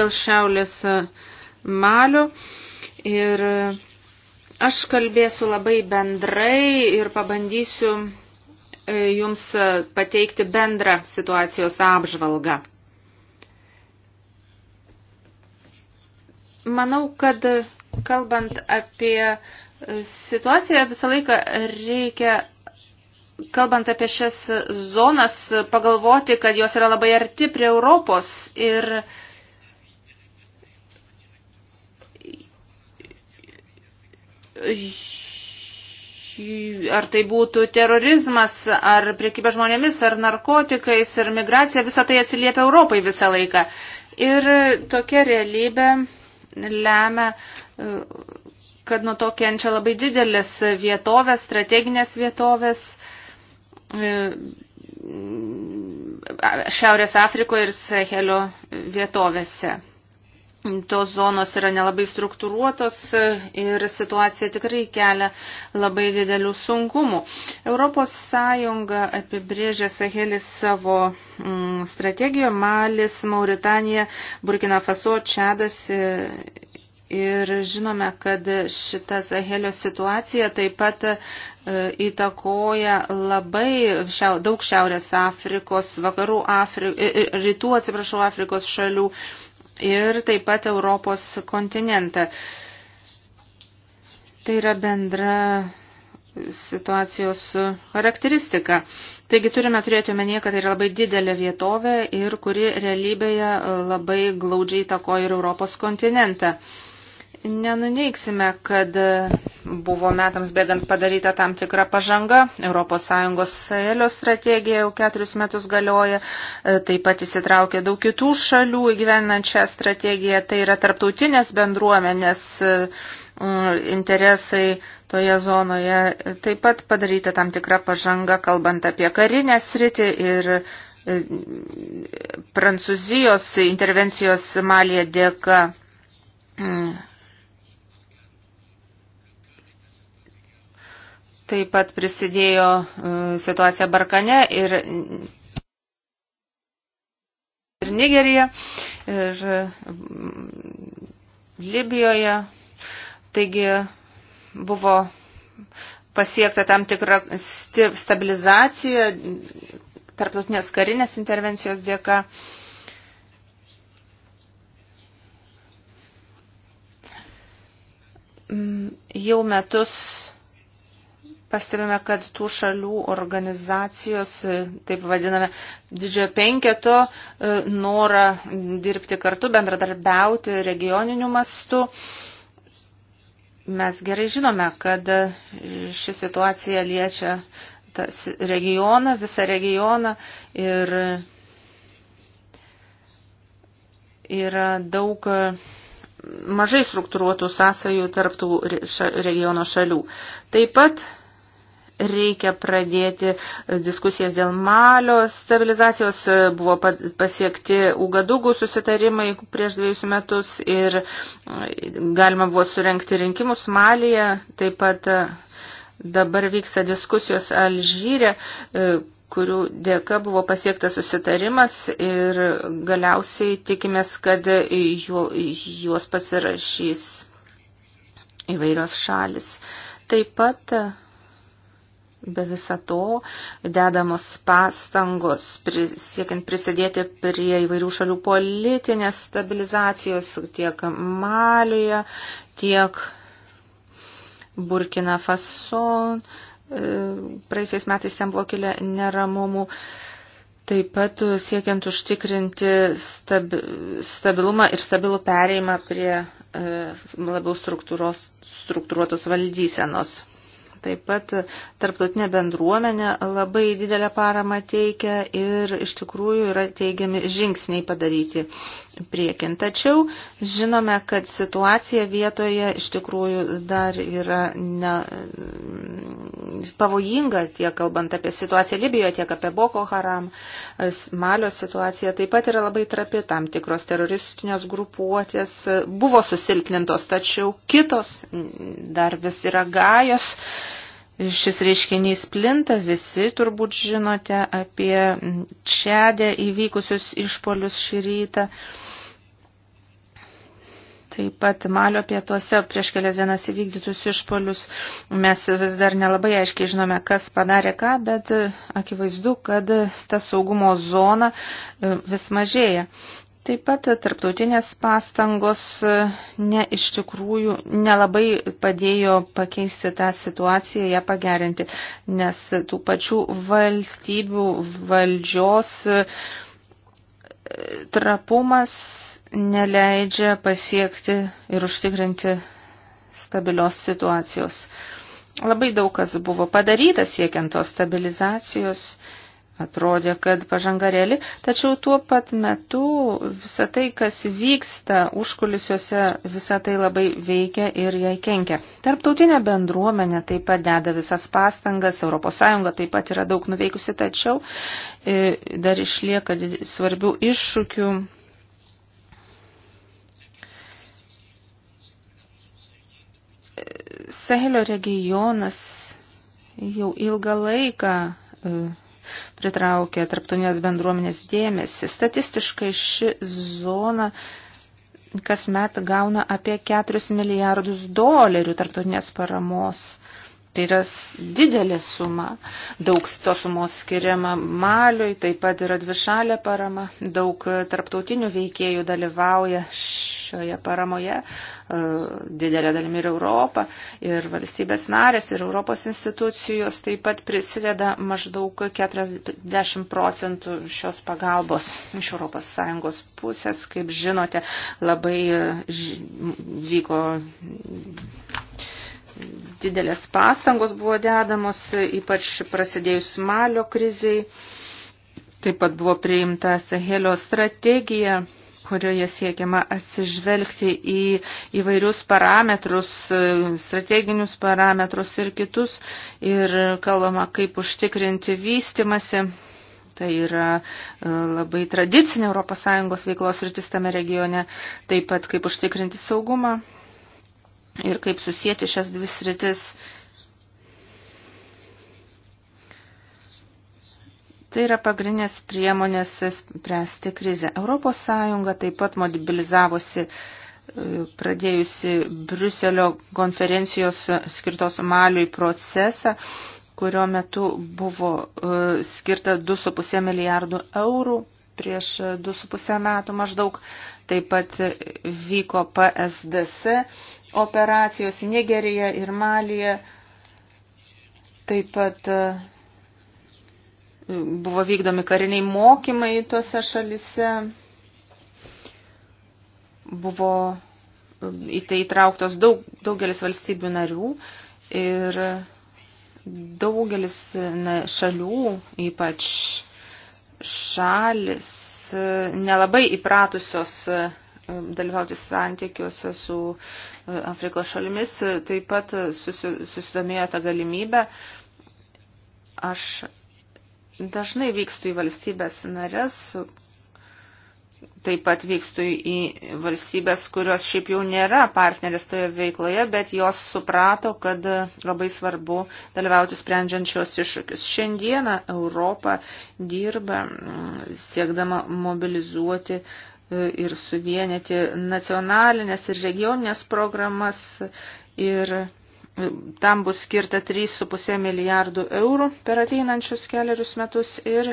dėl šiaulės e, malio. Ir e, aš kalbėsiu labai bendrai ir pabandysiu e, jums pateikti bendrą situacijos apžvalgą. Manau, kad kalbant apie situaciją, visą laiką reikia kalbant apie šias zonas, pagalvoti, kad jos yra labai arti prie Europos ir ar tai būtų terorizmas, ar priekybė žmonėmis, ar narkotikais, ar migracija, visą tai atsiliepia Europai visą laiką. Ir tokia realybė lemia, kad nuo to kenčia labai didelės vietovės, strateginės vietovės. Šiaurės Afrikoje ir Sahelio vietovėse tos zonos yra nelabai struktūruotos e, ir situacija tikrai kelia labai didelių sunkumų. Europos Sąjunga apibrėžė Sahelį savo mm, strategijoje Malis, Mauritanija, Burkina Faso, Čadas e, ir žinome, kad šita Sahelio situacija taip pat e, įtakoja labai šiau, daug Šiaurės Afrikos, vakarų Afrikos, rytų atsiprašau Afrikos šalių ir taip pat Europos kontinentą. Tai yra bendra situacijos charakteristika. Taigi turime turėti omenyje, kad tai yra labai didelė vietovė ir kuri realybėje labai glaudžiai takoja ir Europos kontinentą. Nenuneiksime, kad buvo metams bėgant padaryta tam tikra pažanga. ES Sahelio strategija jau keturis metus galioja, e, taip pat įsitraukė daug kitų šalių įgyvenant šią strategiją. Tai yra tarptautinės bendruomenės e, interesai toje zonoje. Taip pat padaryta tam tikra pažanga, kalbant apie karinę sritį ir e, Prancūzijos intervencijos Malija dėka Taip pat prisidėjo e, situacija Barkane ir, ir Nigerija ir mm, Libijoje. Taigi buvo pasiekta tam tikra stabilizacija tarptautinės karinės intervencijos dėka. Mm, jau metus Pastebime, kad tų šalių organizacijos, taip vadiname, didžiojo penketo e, norą dirbti kartu, bendradarbiauti regioniniu mastu. Mes gerai žinome, kad ši situacija liečia tas regioną, visą regioną ir yra daug mažai struktūruotų sąsajų tarptų regiono šalių. Taip pat reikia pradėti diskusijas dėl malio stabilizacijos. Buvo pasiekti Ugadugų susitarimai prieš dviejus metus ir e, galima buvo surenkti rinkimus Malyje. Taip pat e, dabar vyksta diskusijos Alžyre e, kurių dėka buvo pasiektas susitarimas ir galiausiai tikimės, kad juos pasirašys įvairios šalis. Taip pat Be viso to dedamos pastangos siekiant prisidėti prie įvairių šalių politinės stabilizacijos tiek Malijoje, tiek Burkina Faso. E, praėjusiais metais ten buvo kilę neramumų. Taip pat siekiant užtikrinti stabi, stabilumą ir stabilų pereimą prie e, labiau struktūruotos valdysenos. Taip pat tarptautinė bendruomenė labai didelę paramą teikia ir iš tikrųjų yra teigiami žingsniai padaryti priekin. Tačiau žinome, kad situacija vietoje iš tikrųjų dar yra ne, pavojinga, tiek kalbant apie situaciją Libijoje, tiek apie Boko Haram, Malio situaciją. Taip pat yra labai trapi tam tikros teroristinės grupuotės. Buvo susilpnintos, tačiau kitos dar vis yra gajos šis reiškinys plinta, visi turbūt žinote apie čiadę įvykusius išpolius šį rytą. Taip pat Malio pietuose prieš kelias dienas įvykdytus išpolius mes vis dar nelabai aiškiai žinome, kas padarė ką, bet akivaizdu, kad ta saugumo zona e, vis mažėja. Taip pat tarptautinės pastangos e, ne, iš tikrųjų nelabai padėjo pakeisti tą situaciją, ją pagerinti, nes tų pačių valstybių valdžios e, trapumas neleidžia pasiekti ir užtikrinti stabilios situacijos. Labai daug kas buvo padaryta siekiant tos stabilizacijos atrodė, kad pažanga reali, tačiau tuo pat metu visa tai, kas vyksta užkulisiuose, visa tai labai veikia ir jai kenkia. Tarptautinė bendruomenė taip pat deda visas pastangas, ES taip pat yra daug nuveikusi, tačiau e, dar išlieka svarbių iššūkių. Sahelio regionas jau ilgą laiką e, pritraukė tarptautinės bendruomenės dėmesį. Statistiškai ši zona kasmet gauna apie 4 milijardus dolerių tarptautinės paramos. Tai yra didelė suma, daug tos sumos skiriama maliui, taip pat yra dvišalė parama, daug e, tarptautinių veikėjų dalyvauja šioje paramoje, e, didelė dalimi ir Europa, ir valstybės narės, ir Europos institucijos taip pat prisideda maždaug 40 procentų šios pagalbos iš ES pusės, kaip žinote, labai e, vyko didelės pastangos buvo dedamos, ypač prasidėjus Malio kriziai. Taip pat buvo priimta Sahelio strategija, kurioje siekiama atsižvelgti į įvairius parametrus, strateginius parametrus ir kitus, ir kalbama, kaip užtikrinti vystimasi. Tai yra e, labai tradicinė ES veiklos rytis tame regione, taip pat kaip užtikrinti saugumą ir kaip susijęti šias dvi sritis. Tai yra pagrindinės priemonės spręsti krizę. Europos Sąjunga taip pat mobilizavosi e, pradėjusi Briuselio konferencijos skirtos Maliui procesą, kurio metu buvo e, skirta 2,5 milijardų eurų prieš 2,5 metų maždaug. Taip pat vyko PSDS operacijos Nigerija ir Malija. Taip pat e, buvo vykdomi kariniai mokymai tuose šalise. Buvo e, į tai įtrauktos daug, daugelis valstybių narių ir daugelis šalių, ypač šalis, e, nelabai įpratusios dalyvauti santykiuose su e, Afrikos šalimis, taip pat susidomėjo tą galimybę. Aš dažnai vykstu į valstybės narės, taip pat vykstu į valstybės, kurios šiaip jau nėra partneris toje veikloje, bet jos suprato, kad labai svarbu dalyvauti sprendžiant šios iššūkius. Šiandieną Europa dirba mm, siekdama mobilizuoti ir suvienyti nacionalinės ir regioninės programas ir e, tam bus skirta 3,5 milijardų eurų per ateinančius keliarius metus ir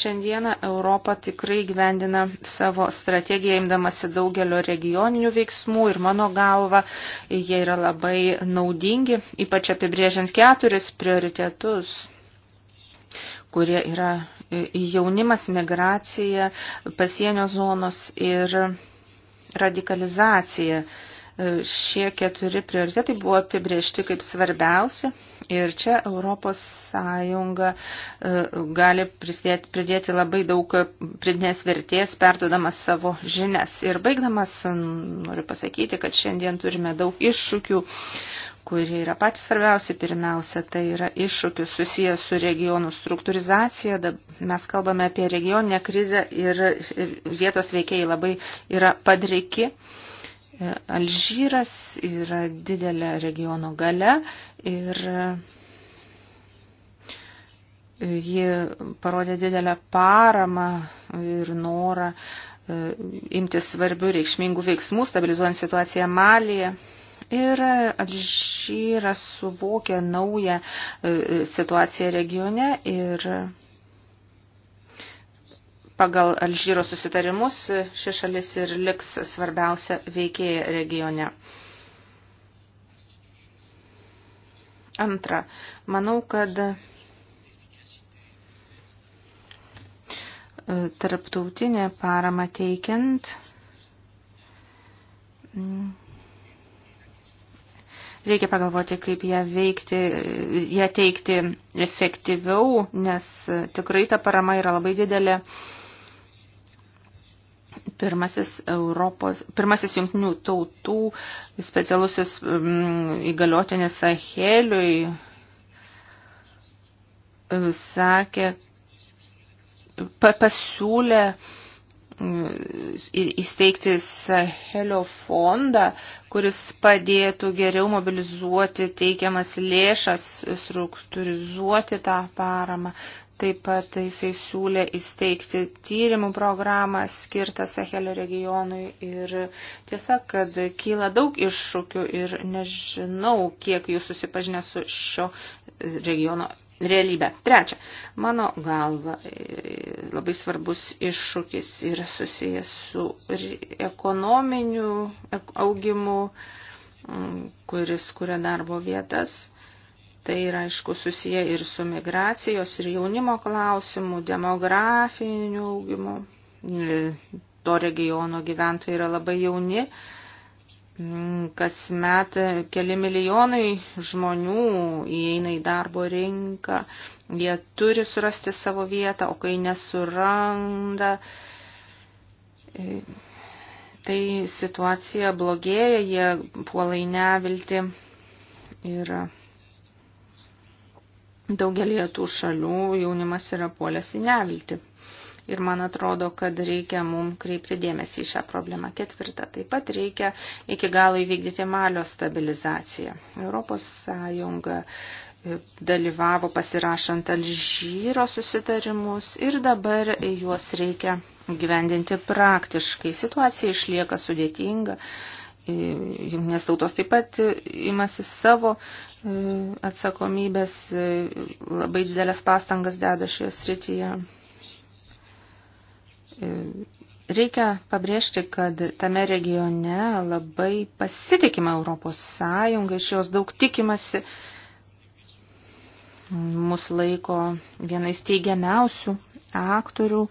šiandieną Europa tikrai gyvendina savo strategiją imdamasi daugelio regioninių veiksmų ir mano galva jie yra labai naudingi, ypač apibrėžiant keturis prioritetus kurie yra jaunimas, migracija, pasienio zonos ir radikalizacija. Šie keturi prioritetai buvo apibriežti kaip svarbiausi ir čia Europos Sąjunga e, gali prisidėti, pridėti labai daug pridinės vertės, perdodamas savo žinias. Ir baigdamas, noriu pasakyti, kad šiandien turime daug iššūkių, kurie yra patys svarbiausi pirmiausia, tai yra iššūkius susijęs su regionų struktūrizacija. Mes kalbame apie regioninę krizę ir vietos veikėjai labai yra padreiki. Alžyras yra didelė regiono gale ir ji parodė didelę paramą ir norą e, imtis svarbių reikšmingų veiksmų, stabilizuojant situaciją Malyje. Ir Alžyras suvokė naują e, e, situaciją regione ir pagal Alžyro susitarimus e, ši šalis ir liks svarbiausia veikėja regione. Antra, manau, kad tarptautinė parama teikiant Reikia pagalvoti, kaip ją veikti, ją teikti efektyviau, nes tikrai ta parama yra labai didelė. Pirmasis, Europos, pirmasis jungtinių tautų specialusis mm, įgaliotinis Saheliui e, sakė, pasiūlė įsteigti Sahelio fondą, kuris padėtų geriau mobilizuoti teikiamas lėšas, struktūrizuoti tą paramą. Taip pat jisai siūlė įsteigti tyrimų programą skirtą Sahelio regionui ir tiesa, kad kyla daug iššūkių ir nežinau, kiek jūs susipažinę su šio regiono realybę. Trečia, mano galva e, labai svarbus iššūkis yra susijęs su ekonominiu augimu, kuris kuria darbo vietas. Tai yra, aišku, susiję ir su migracijos, ir jaunimo klausimu, demografiniu augimu. E, to regiono gyventojai yra labai jauni Mm, kasmet keli milijonai žmonių įeina į darbo rinką, jie turi surasti savo vietą, o kai nesuranda, e, tai situacija blogėja, jie puolai nevilti ir daugelį tų šalių jaunimas yra puolęs į nevilti. Ir man atrodo, kad reikia mum kreipti dėmesį į šią problemą. Ketvirta, taip pat reikia iki galo įvykdyti malio stabilizaciją. Europos Sąjunga e, dalyvavo pasirašant Alžyro susitarimus ir dabar juos reikia gyvendinti praktiškai. Situacija išlieka sudėtinga. E, Junknės tautos taip pat imasi savo e, atsakomybės, labai didelės pastangas deda šioje srityje. Reikia pabrėžti, kad tame regione labai pasitikima Europos Sąjunga, iš jos daug tikimasi, mus laiko vienais teigiamiausių aktorių,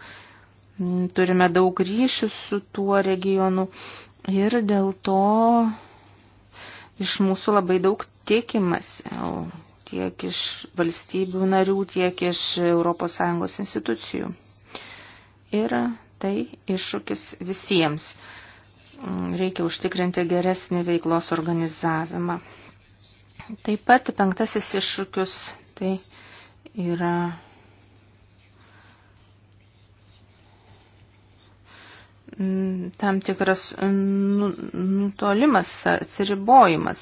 turime daug ryšių su tuo regionu ir dėl to iš mūsų labai daug tikimasi, tiek iš valstybių narių, tiek iš ES institucijų ir tai iššūkis visiems. Mm, reikia užtikrinti geresnį veiklos organizavimą. Taip pat penktasis iššūkius tai yra tam tikras nu, nutolimas, atsiribojimas.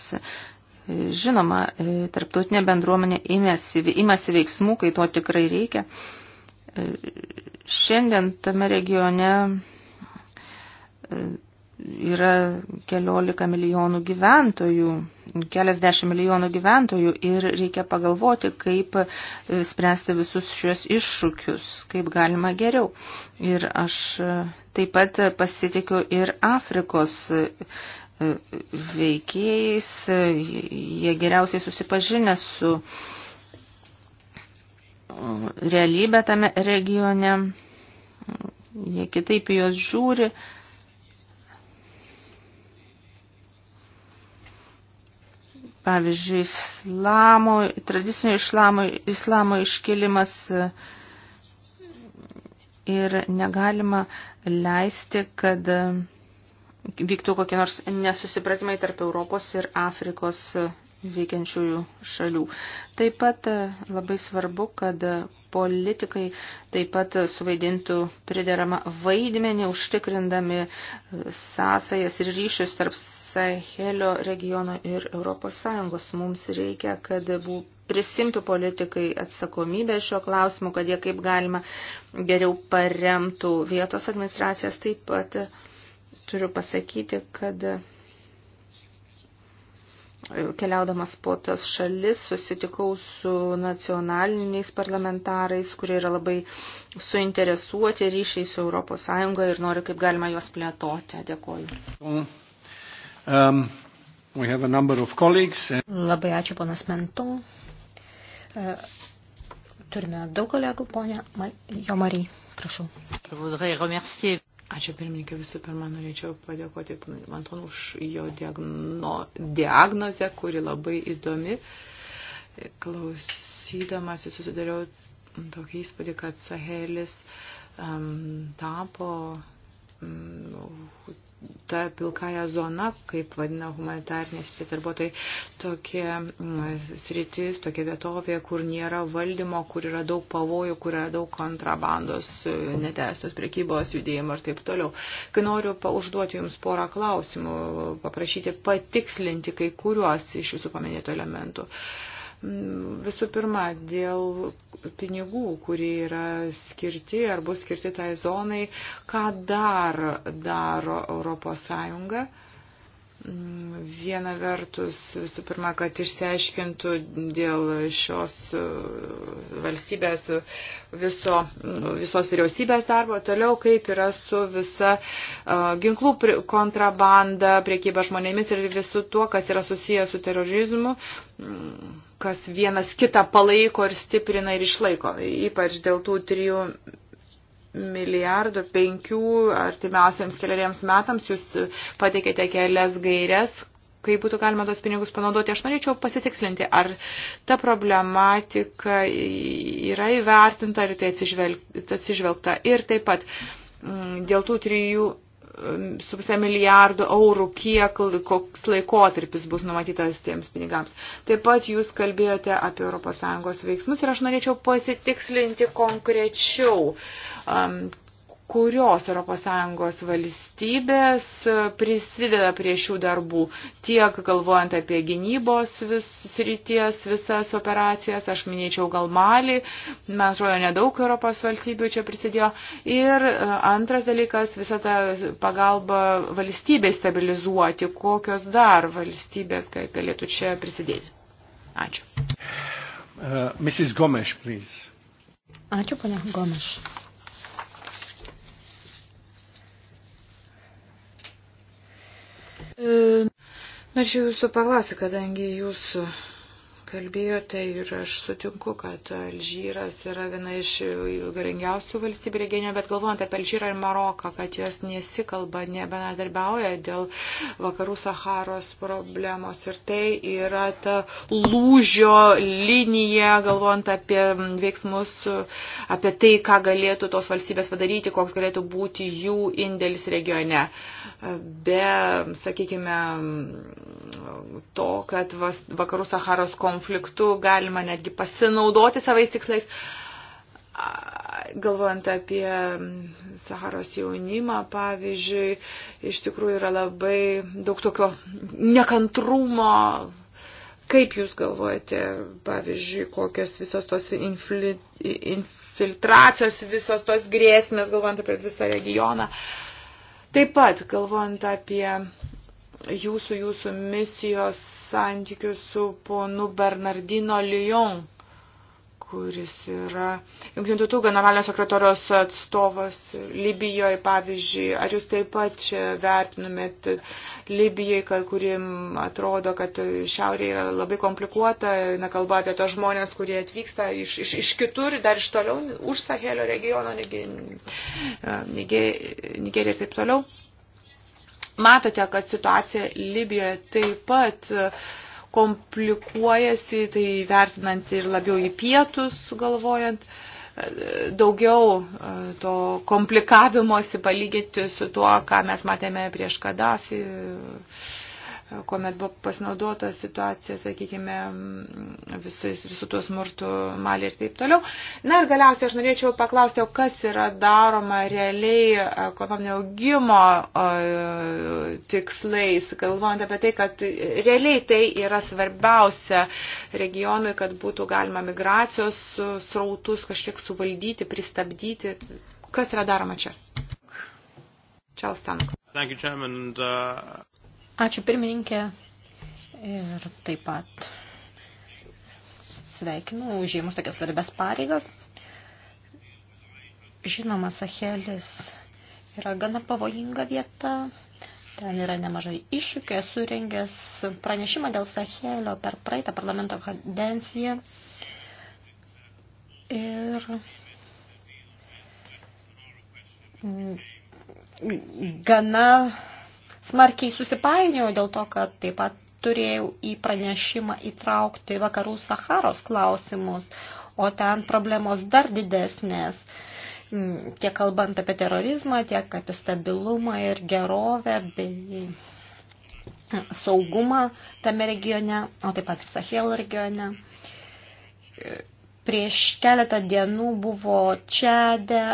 Žinoma, tarptautinė bendruomenė imasi, imasi veiksmų, kai to tikrai reikia. Šiandien tame regione e, yra keliolika milijonų gyventojų, keliasdešimt milijonų gyventojų ir reikia pagalvoti, kaip e, spręsti visus šios iššūkius, kaip galima geriau. Ir aš e, taip pat pasitikiu ir Afrikos veikėjais, jie geriausiai susipažinę su realybę tame regione, jie kitaip juos žiūri. Pavyzdžiui, islamo, tradicinio islamo, islamo iškilimas e, ir negalima leisti, kad e, vyktų kokie nors nesusipratimai tarp Europos ir Afrikos e, veikiančiųjų šalių. Taip pat e, labai svarbu, kad politikai taip pat suvaidintų prideramą vaidmenį, užtikrindami e, sąsajas ir ryšius tarp Sahelio regiono ir ES. Mums reikia, kad prisimtų politikai atsakomybę šio klausimu, kad jie kaip galima geriau paremtų vietos administracijas. Taip pat e, turiu pasakyti, kad keliaudamas po tas šalis susitikau su nacionaliniais parlamentarais, kurie yra labai suinteresuoti ryšiai su ES ir noriu kaip galima juos plėtoti. Dėkoju. Um, labai ačiū, ponas Mentum. E, turime daug kolegų, ponia Jo Marija. Prašau. Ačiū pirmininkė, visų pirma, norėčiau padėkoti Anton už jo diagno, diagnozę, kuri labai įdomi. Klausydamas jūs susidariau tokį įspūdį, kad Sahelis um, tapo um, ta pilkaja zona, kaip vadina humanitarnės sritis darbuotojai, tokia mm, sritis, tokia vietovė, kur nėra valdymo, kur yra daug pavojų, kur yra daug kontrabandos, netestos priekybos judėjimo ir taip toliau. Kai noriu užduoti Jums porą klausimų, paprašyti patikslinti kai kuriuos iš Jūsų paminėtų elementų. Uh, Visų pirma, dėl pinigų, kurie yra skirti ar bus skirti tai zonai, ką dar daro Europos Sąjunga Mm, viena vertus, visų pirma, kad išsiaiškintų dėl šios e, valstybės e, viso, e, visos vyriausybės darbo, toliau kaip yra su visa ginklų kontrabanda, priekyba žmonėmis ir visu tuo, kas yra susijęs su terorizmu, mm, kas vienas kitą palaiko ir stiprina ir išlaiko, ypač dėl tų trijų milijardo penkių artimiausiams keliariems metams. Jūs pateikėte kelias gairias, kaip būtų galima tos pinigus panaudoti. Aš norėčiau pasitikslinti, ar ta problematika yra įvertinta, ar tai atsižvelgta. Ir taip pat mm, dėl tų trijų mm, su pusę milijardų eurų, kiek, koks laikotarpis bus numatytas tiems pinigams. Taip pat jūs kalbėjote apie ES veiksmus ir aš norėčiau pasitikslinti konkrečiau, kurios ES valstybės prisideda prie šių darbų, tiek galvojant apie gynybos vis, srities visas operacijas, aš minėčiau gal Malį, man atrodo, nedaug Europos valstybių čia prisidėjo. Ir e, antras dalykas, visa ta pagalba valstybės stabilizuoti, kokios dar valstybės galėtų čia prisidėti. Ačiū. Uh, Mrs. Gomes, please. Ačiū, ponia Gomes. Norėčiau jūsų paklausti, kadangi jūs kalbėjote ir aš sutinku, kad Alžyras yra viena iš galingiausių valstybių regione, bet galvojant apie Alžyrą ir Maroką, kad jos nesikalba, nebenadarbiauja dėl vakarų Saharos problemos ir tai yra ta lūžio linija, galvojant apie veiksmus, apie tai, ką galėtų tos valstybės padaryti, koks galėtų būti jų indėlis regione. Be, sakykime, to, kad vakarų Saharos konfliktas konfliktu, galima netgi pasinaudoti savais tikslais. Galvojant apie Saharos jaunimą, pavyzdžiui, iš tikrųjų yra labai daug tokio nekantrumo. Kaip Jūs galvojate, pavyzdžiui, kokios visos tos infli, infiltracijos, visos tos grėsmės, galvojant apie visą regioną? Taip pat, galvojant apie jūsų, jūsų misijos santykių su ponu Bernardino Lyon, kuris yra Junktinių tautų generalinio sekretorijos atstovas Libijoje, pavyzdžiui. Ar jūs taip pat čia vertinumėt Libijai, kurim atrodo, kad šiaurė yra labai komplikuota, na kalba apie tos žmonės, kurie atvyksta iš, iš, iš kitur, dar iš toliau, už Sahelio regiono, Nigerija ir taip toliau. Matote, kad situacija Libijoje taip pat komplikuojasi, tai vertinant ir labiau į pietus galvojant, daugiau e, to komplikavimosi palyginti su tuo, ką mes matėme prieš Kadafį kuomet buvo pasinaudota situacija, sakykime, visus, visų tuos smurtų malį ir taip toliau. Na ir galiausiai aš norėčiau paklausti, o kas yra daroma realiai ekonominio augimo tikslais, galvojant apie tai, kad realiai tai yra svarbiausia regionui, kad būtų galima migracijos srautus kažkiek suvaldyti, pristabdyti. Kas yra daroma čia? Charles Tanuk. Thank you, Chairman. And, uh... Ačiū pirmininkė ir taip pat sveikinu užėmus tokias svarbės pareigas. Žinoma, Sahelis yra gana pavojinga vieta. Ten yra nemažai iššūkių. Esu rengęs pranešimą dėl Sahelio per praeitą parlamento kadenciją. Ir gana smarkiai susipainiojo dėl to, kad taip pat turėjau į pranešimą įtraukti vakarų Saharos klausimus, o ten problemos dar didesnės, mm, tiek kalbant apie terorizmą, tiek apie stabilumą ir gerovę bei saugumą tame regione, o taip pat ir Sahel regione. Prieš keletą dienų buvo Čedė,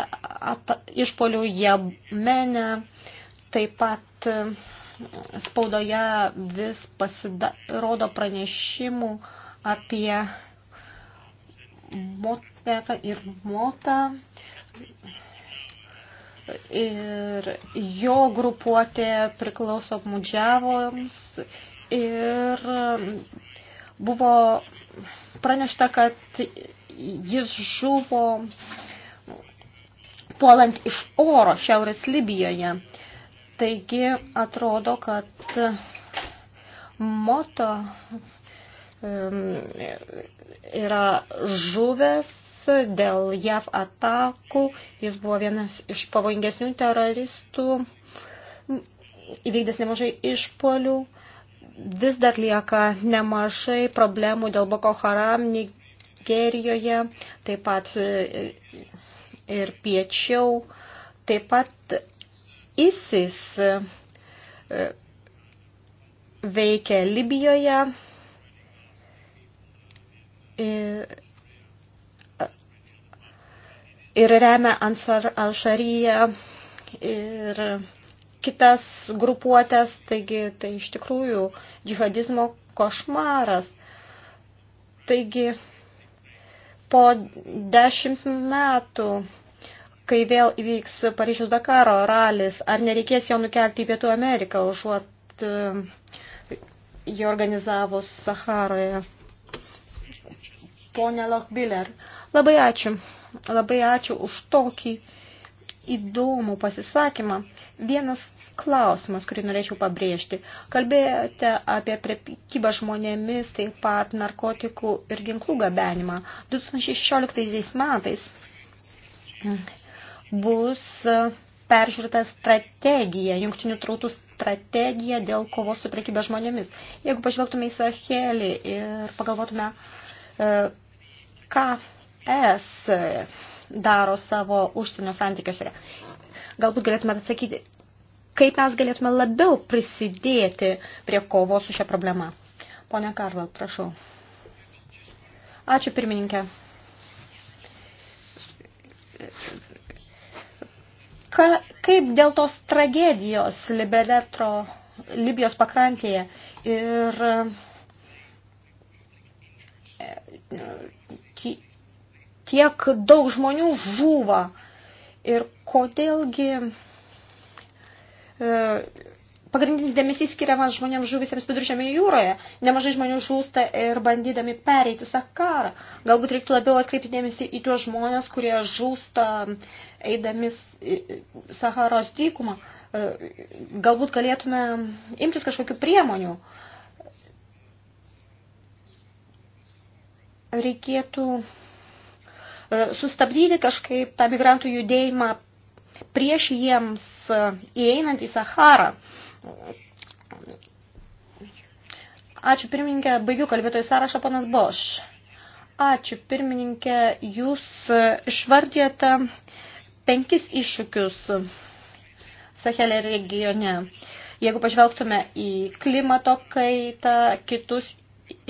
išpolių Jemene, Taip pat e, spaudoje vis pasirodo pranešimų apie moterą ir motą ir jo grupuotė priklauso mudžiavoms ir buvo pranešta, kad jis žuvo puolant iš oro Šiaurės Libijoje. Taigi atrodo, kad moto yra žuvęs dėl JAV atakų, jis buvo vienas iš pavojingesnių teroristų, įvykdęs nemažai išpolių, vis dar lieka nemažai problemų dėl Boko Haram Nigerijoje, taip pat e, e, ir piečiau, taip pat ISIS e, e, veikia Libijoje. E, ir remia Ansar al-Sharyje ir kitas grupuotės, taigi tai iš tikrųjų džihadizmo košmaras. Taigi po dešimt metų kai vėl įvyks Paryžiaus Dakaro ralis, ar nereikės jo nukelti į Pietų Ameriką, užuot e, jį organizavus Saharoje? Pone Lochbiller, labai ačiū. Labai ačiū už tokį įdomų pasisakymą. Vienas klausimas, kurį norėčiau pabrėžti. Kalbėjote apie prekybą žmonėmis, taip pat narkotikų ir ginklų gabenimą. 2016 metais bus e, peržiūrėta strategija, jungtinių trautų strategija dėl kovos su prekybė žmonėmis. Jeigu pažvelgtume į Sahelį ir pagalvotume, e, ką es daro savo užsienio santykiuose, galbūt galėtume atsakyti, kaip mes galėtume labiau prisidėti prie kovos su šia problema. Pone Karval, prašau. Ačiū pirmininkė Ka, kaip dėl tos tragedijos Liberetro Libijos pakrantėje ir tiek e, daug žmonių žūva ir kodėlgi e, pagrindinis dėmesys skiriamas žmonėms žuvusiems viduržėmė jūroje. Nemažai žmonių žūsta ir bandydami pereiti Sakarą. Galbūt reiktų labiau atkreipti dėmesį į tuos žmonės, kurie žūsta eidami Saharos dykumą. E, galbūt galėtume imtis kažkokių priemonių. Reikėtų e, sustabdyti kažkaip tą migrantų judėjimą prieš jiems e, įeinant į Saharą. Uh, Ačiū pirmininkė, baigiu kalbėtojų sąrašą, panas Boš. Ačiū pirmininkė, jūs išvardėte penkis iššūkius Sahelė regione. Jeigu pažvelgtume į klimato kaitą, kitus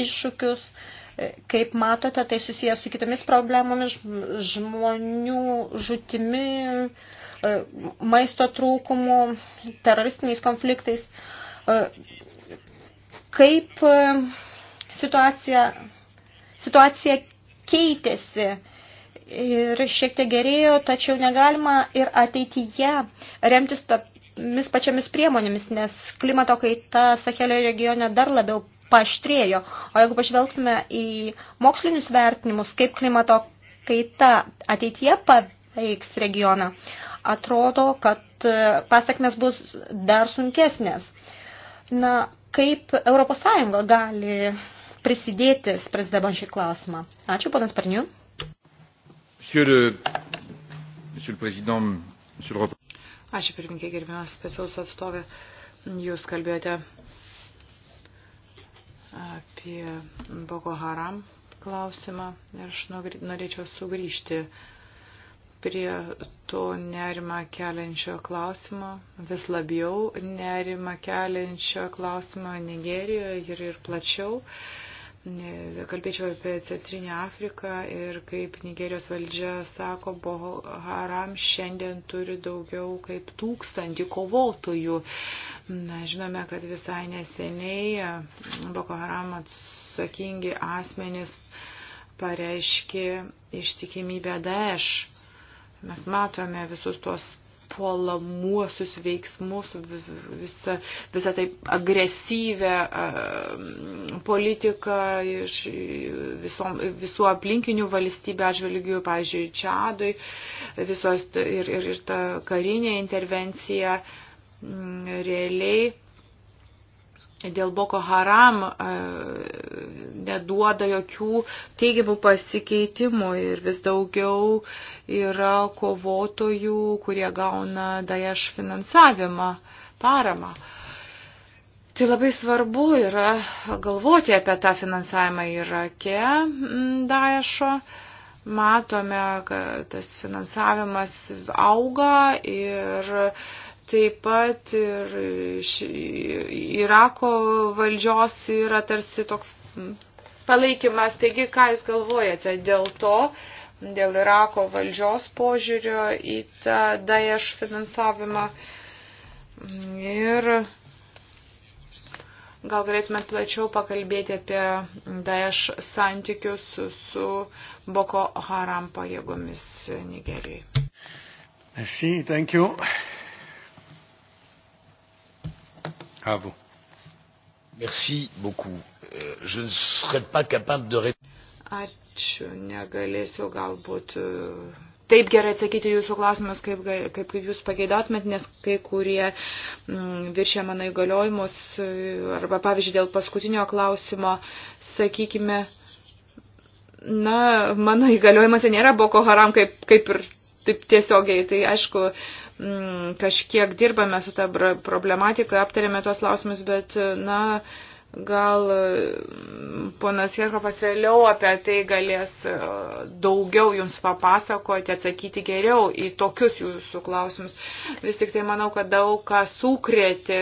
iššūkius, kaip matote, tai susijęs su kitomis problemomis, žmonių žutimi, E, maisto trūkumu, teroristiniais konfliktais. E, kaip e, situacija, situacija keitėsi ir šiek tiek gerėjo, tačiau negalima ir ateityje remtis tomis pačiamis priemonėmis, nes klimato kaita Sahelio regione dar labiau paštrėjo. O jeigu pažvelgtume į mokslinius vertinimus, kaip klimato kaita ateityje paveiks regioną, atrodo, kad e, pasakmes bus dar sunkesnės. Na, kaip ES gali prisidėti spręsdama šį klausimą? Ačiū, ponas Parniu. Monsieur le, monsieur le Président, monsieur le Ačiū, pirmininkė, gerbiamas specialus atstovė. Jūs kalbėjote apie Boko Haram klausimą ir aš norėčiau sugrįžti uh, prie to nerima keliančio klausimo, vis labiau nerima keliančio klausimo Nigerijoje ir, ir plačiau. Kalbėčiau apie Centrinę Afriką ir kaip Nigerijos valdžia sako, Boko Haram šiandien turi daugiau kaip tūkstantį kovotojų. Na, žinome, kad visai neseniai Boko Haram atsakingi asmenys pareiškė ištikimybę Daesh Mes matome visus tuos puolamuosius veiksmus, visą, visą taip agresyvę um, politiką iš visom, visų aplinkinių valstybių atžvilgių, pavyzdžiui, Čadui, visos ir, ir, ir ta karinė intervencija mm, realiai dėl Boko Haram e, neduoda jokių teigiamų pasikeitimų ir vis daugiau yra kovotojų, kurie gauna Daesh finansavimą, paramą. Tai labai svarbu yra galvoti apie tą finansavimą Irake Daesho matome, kad tas finansavimas auga ir Taip pat ir Irako valdžios yra tarsi toks palaikymas. Taigi, ką Jūs galvojate dėl to, dėl Irako valdžios požiūrio į tą Daesh finansavimą? Ir gal galėtumėt plačiau pakalbėti apie Daesh santykius su Boko Haram pajėgomis Nigerijai. Merci, thank you. À vous. Merci beaucoup. Euh, je ne serai pas capable de répondre. Ačiū, negalėsiu galbūt e, taip gerai atsakyti jūsų klausimus, kaip, kaip, kaip jūs pageidautumėt, nes kai kurie m, mm, viršė mano įgaliojimus, e, arba pavyzdžiui dėl paskutinio klausimo, sakykime, na, mano įgaliojimuose nėra Boko Haram kaip, kaip ir taip tiesiogiai, tai aišku, m, mm, kažkiek dirbame su tą problematiką, aptarėme tuos klausimus, bet, na, uh, Gal e, ponas Jerkopas vėliau apie tai galės e, daugiau jums papasakoti, atsakyti geriau į tokius jūsų klausimus. Vis tik tai manau, kad daug ką sukrėtė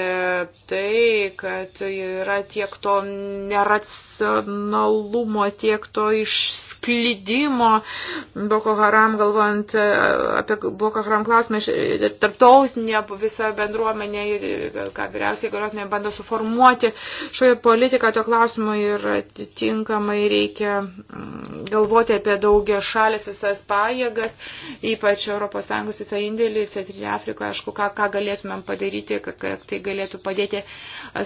tai, kad yra tiek to neracionalumo, tiek to išsklydimo Boko Haram, galvojant e, apie Boko Haram klausimą, tarptautinė visa bendruomenė, ką vyriausiai galiotinė bando suformuoti šioje politiką to klausimu ir atitinkamai reikia mm, galvoti apie daugia šalis visas pajėgas, ypač ES visą indėlį ir Centrinė Afrika, aišku, ką, ką galėtumėm padaryti, kad tai galėtų padėti.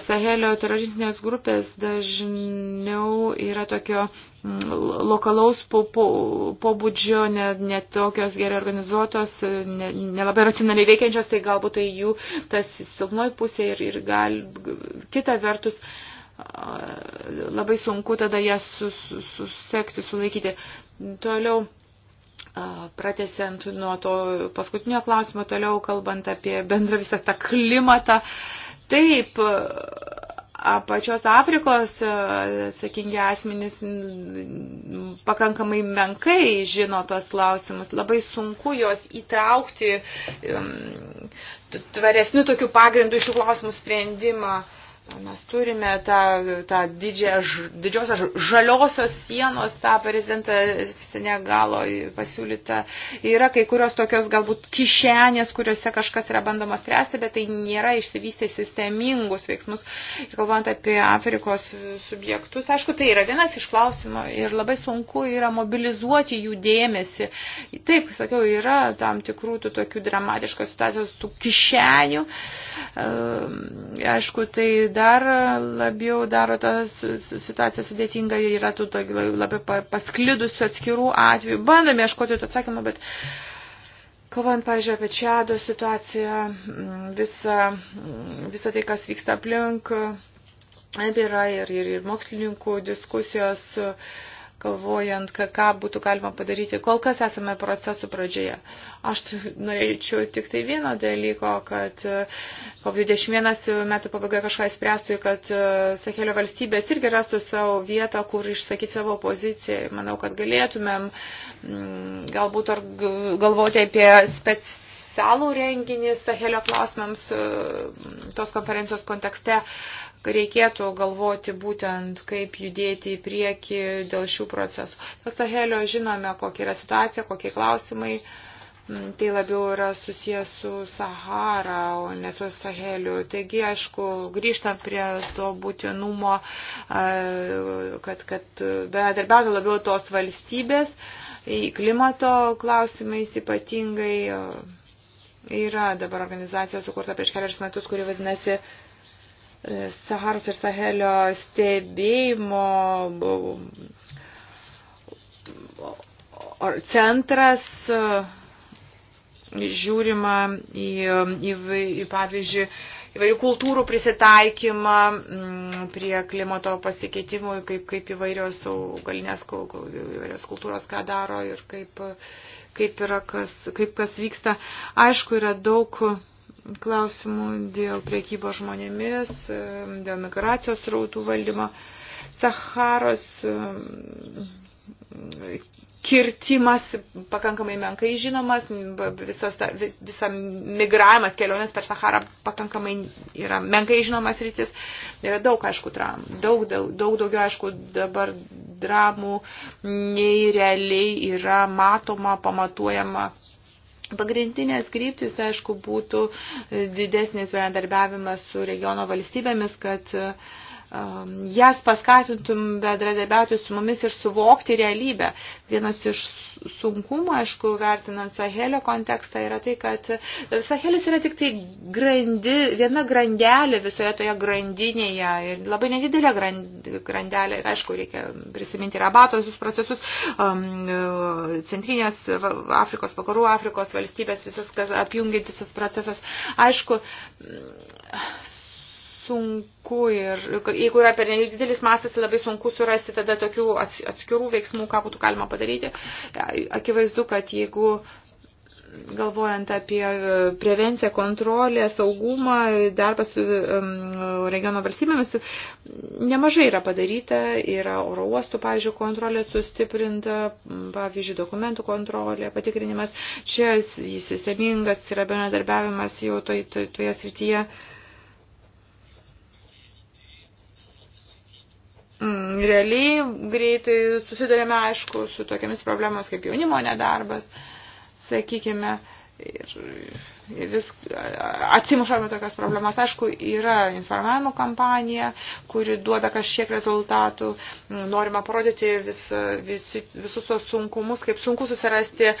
Sahelio teroristinės grupės dažniau yra tokio mm, lokalaus pobūdžio, po, po net ne tokios gerai organizuotos, nelabai ne, ne racionaliai veikiančios, tai galbūt tai jų tas silpnoji pusė ir, ir gal kita vertus labai sunku tada jas susekti, sulaikyti. Toliau, pratesiant nuo to paskutinio klausimo, toliau kalbant apie bendrą visą tą klimatą. Taip, pačios Afrikos atsakingi asmenys pakankamai menkai žino tos klausimus. Labai sunku juos įtraukti um, tvaresnių tokių pagrindų šių klausimų sprendimą. Uh, Mes turime tą, tą didžią, didžiosios žaliosios sienos, tą prezidentą Senegalo pasiūlytą. Yra kai kurios tokios galbūt kišenės, kuriuose kažkas yra bandomas spręsti, bet tai nėra išsivystę sistemingus veiksmus. Ir kalbant apie Afrikos subjektus, aišku, tai yra vienas iš klausimų ir labai sunku yra mobilizuoti jų dėmesį. Taip, sakiau, yra tam tikrų tų tokių dramatiškos situacijos, tų kišenių. Ehm, aišku, tai dar labiau daro tą situaciją sudėtingą, yra tų labai pasklidusių atskirų atvejų. Bandome ieškoti to atsakymą, bet Kalbant, pavyzdžiui, apie Čiado situaciją, visą tai, kas vyksta aplink, yra ir, ir, ir mokslininkų diskusijos. Uh, galvojant, ką būtų galima padaryti. Kol kas esame procesų pradžioje. Aš norėčiau tik tai vieno dalyko, kad COP21 e, metų pabaiga kažką įspręstų ir kad e, Sahelio valstybės irgi rastų savo vietą, kur išsakyti savo poziciją. Manau, kad galėtumėm mm, galbūt galvoti apie specialią specialų renginį Sahelio klausimams e, tos konferencijos kontekste, reikėtų galvoti būtent, kaip judėti į priekį dėl šių procesų. Dėl Sahelio žinome, kokia yra situacija, kokie klausimai. Mm, tai labiau yra susijęs su Sahara, o ne su Saheliu. Taigi, aišku, grįžtant prie to būtinumo, kad, kad bendarbiautų labiau tos valstybės, klimato klausimais ypatingai yra dabar organizacija sukurta prieš kelias metus, kuri vadinasi Saharos ir Sahelio stebėjimo centras žiūrima į, į, į pavyzdžiui, įvairių kultūrų prisitaikymą mm, prie klimato pasikeitimų, kaip, kaip įvairios augalinės įvairios kultūros ką daro ir kaip, kaip, yra, kas, kaip kas vyksta. Aišku, yra daug klausimų dėl priekybo žmonėmis, e, dėl migracijos rautų valdymo, Saharos e, kirtimas pakankamai menkai žinomas, visas, vis, visa migravimas, kelionės per Saharą pakankamai yra menkai žinomas rytis. Yra daug, aišku, dram, daug, daug, daug daugiau, aišku, dabar dramų nei realiai yra matoma, pamatuojama Pagrindinės kryptis, aišku, būtų didesnis bendarbiavimas su regiono valstybėmis, kad uh, Ehm, jas paskatintum bedradarbiauti su mumis ir suvokti realybę. Vienas iš sunkumų, aišku, vertinant Sahelio kontekstą, yra tai, kad Sahelis yra tik tai grandi, viena grandelė visoje toje grandinėje ir labai nedidelė grandelė. Ir, aišku, reikia prisiminti rabato visus procesus, um, centrinės Afrikos, vakarų Afrikos valstybės, visas, kas apjungiantis tas procesas. Aišku, sunku ir jeigu yra per didelis mastas, tai labai sunku surasti tada tokių atskirų veiksmų, ką būtų galima padaryti. E, akivaizdu, kad jeigu galvojant apie e, prevenciją, kontrolę, saugumą, darbas su regiono valstybėmis, nemažai yra padaryta, yra oro uostų, pavyzdžiui, kontrolė sustiprinta, pavyzdžiui, dokumentų kontrolė, patikrinimas, čia sistemingas yra bendradarbiavimas jau toje srityje. To, to, Mm, realiai greitai susidurėme, aišku, su tokiamis problemas kaip jaunimo nedarbas, sakykime, ir vis atsimušame tokias problemas. Aišku, yra informavimo kampanija, kuri duoda kažkiek rezultatų. Mm, norima parodyti vis, vis, visus tos sunkumus, kaip sunku susirasti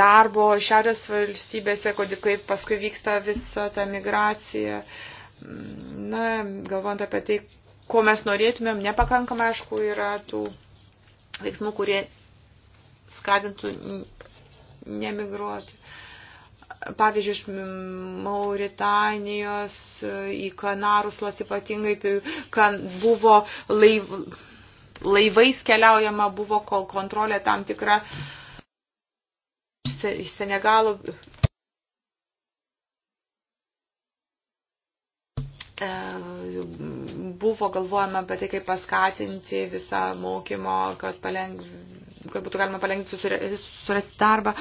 darbo šiaurės valstybėse, kaip paskui vyksta visa ta migracija. Mm, na, galvojant apie tai, ko mes norėtumėm, nepakankamai aišku yra tų veiksmų, kurie skatintų nemigruoti. Pavyzdžiui, iš Mauritanijos į Kanarų salas ypatingai kan, buvo laiv, laivais keliaujama, buvo kontrolė tam tikra iš Senegalo e, buvo galvojama apie tai, kaip paskatinti visą mokymo, kad, palengs, kad būtų galima palengvinti surasti darbą.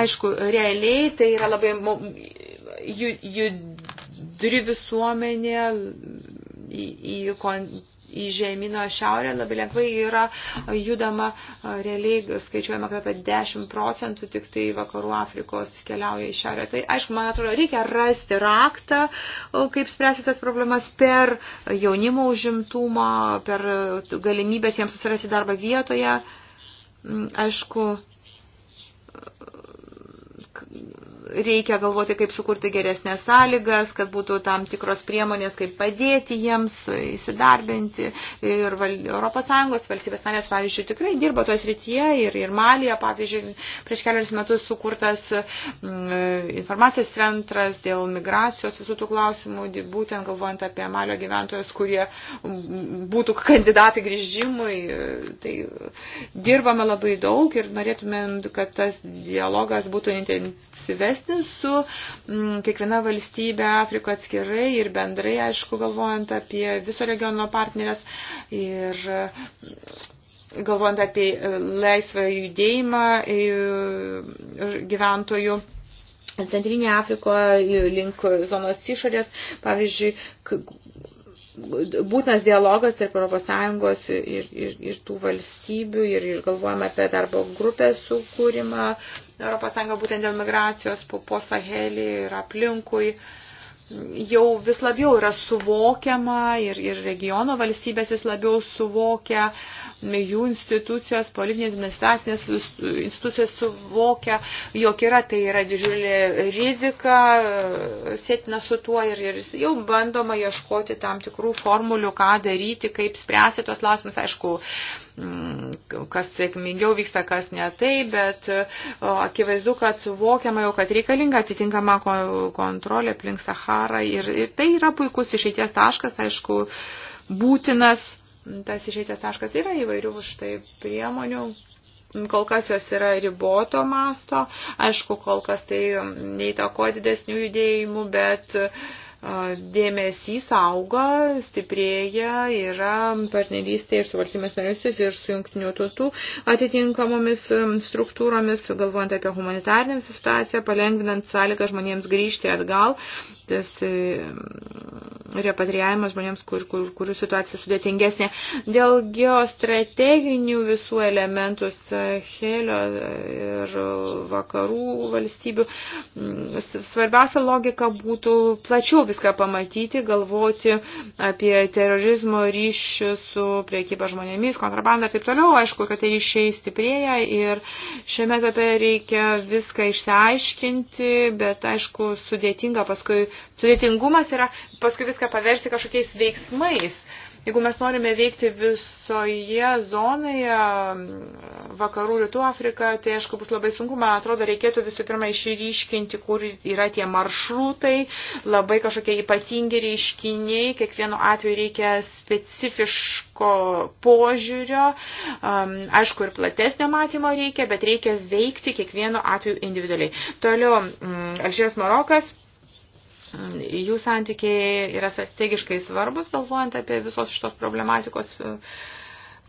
Aišku, realiai tai yra labai judri visuomenė į, į kon, į žemyną šiaurę labai lengvai yra judama, realiai skaičiuojama, kad apie 10 procentų tik tai vakarų Afrikos keliauja į šiaurę. Tai aišku, man atrodo, reikia rasti raktą, kaip spręsti tas problemas per jaunimo užimtumą, per galimybės jiems susirasti darbą vietoje. Mm, aišku, reikia galvoti, kaip sukurti geresnės sąlygas, kad būtų tam tikros priemonės, kaip padėti jiems įsidarbinti. Ir val, ES valstybės narės, pavyzdžiui, tikrai dirba toje srityje ir, ir Malija, pavyzdžiui, prieš kelius metus sukurtas m, mm, informacijos centras dėl migracijos visų tų klausimų, būtent galvojant apie Malio gyventojus, kurie mm, būtų kandidatai grįžimui. Tai dirbame labai daug ir norėtume, kad tas dialogas būtų intensyvesnis glaudesnis su m, mm, kiekviena valstybė Afriko atskirai ir bendrai, aišku, galvojant apie viso regiono partnerės. Ir, mm, galvojant apie e, laisvą judėjimą e, gyventojų. Centrinė Afriko link zonos išorės, pavyzdžiui, būtinas dialogas tarp ES ir, ir, ir tų valstybių ir, ir galvojame apie darbo grupės sukūrimą ES būtent dėl migracijos po, po Sahelį ir aplinkui. Uh, jau vis labiau yra suvokiama ir, ir regiono valstybės vis labiau suvokia, jų institucijos, politinės administracinės institucijos suvokia, jog yra, tai yra didžiulė rizika, sėtina su tuo ir, ir jau bandoma ieškoti tam tikrų formulių, ką daryti, kaip spręsti tuos klausimus. Aišku, Mm, kas sėkmingiau vyksta, kas ne tai, bet akivaizdu, kad suvokiama jau, kad reikalinga atitinkama kontrolė aplink Saharą ir, ir tai yra puikus išeities taškas, aišku, būtinas tas išeities taškas yra įvairių štai priemonių. Kol kas jos yra riboto masto, aišku, kol kas tai neįtako didesnių judėjimų, bet uh, dėmesys auga, stiprėja, yra partnerystė ir su valstybės narystės ir su jungtinių tautų atitinkamomis struktūromis, galvojant apie humanitarinę situaciją, palengvinant sąlygą žmonėms grįžti atgal, tas e, repatriavimas žmonėms, kur, kur, kurių situacija sudėtingesnė. Dėl geostrateginių visų elementų Helio ir vakarų valstybių svarbiausia logika būtų plačiau viską pamatyti, galvoti apie terorizmo ryšį su priekyba žmonėmis, kontrabanda ir taip toliau. Aišku, kad tai ryšiai stiprėja ir šiame etape reikia viską išsiaiškinti, bet aišku, sudėtinga paskui, sudėtingumas yra paskui viską paversti kažkokiais veiksmais. Jeigu mes norime veikti visoje zonoje, mm, vakarų rytų Afrika, tai aišku bus labai sunku, man atrodo, reikėtų visų pirma išryškinti, kur yra tie maršrutai, labai kažkokie ypatingi reiškiniai, kiekvienu atveju reikia specifiško požiūrio, aišku ir platesnio matymo reikia, bet reikia veikti kiekvienu atveju individualiai. Toliau, mm, Alžyras Marokas jų santykiai yra strategiškai svarbus, galvojant apie visos šitos problematikos e,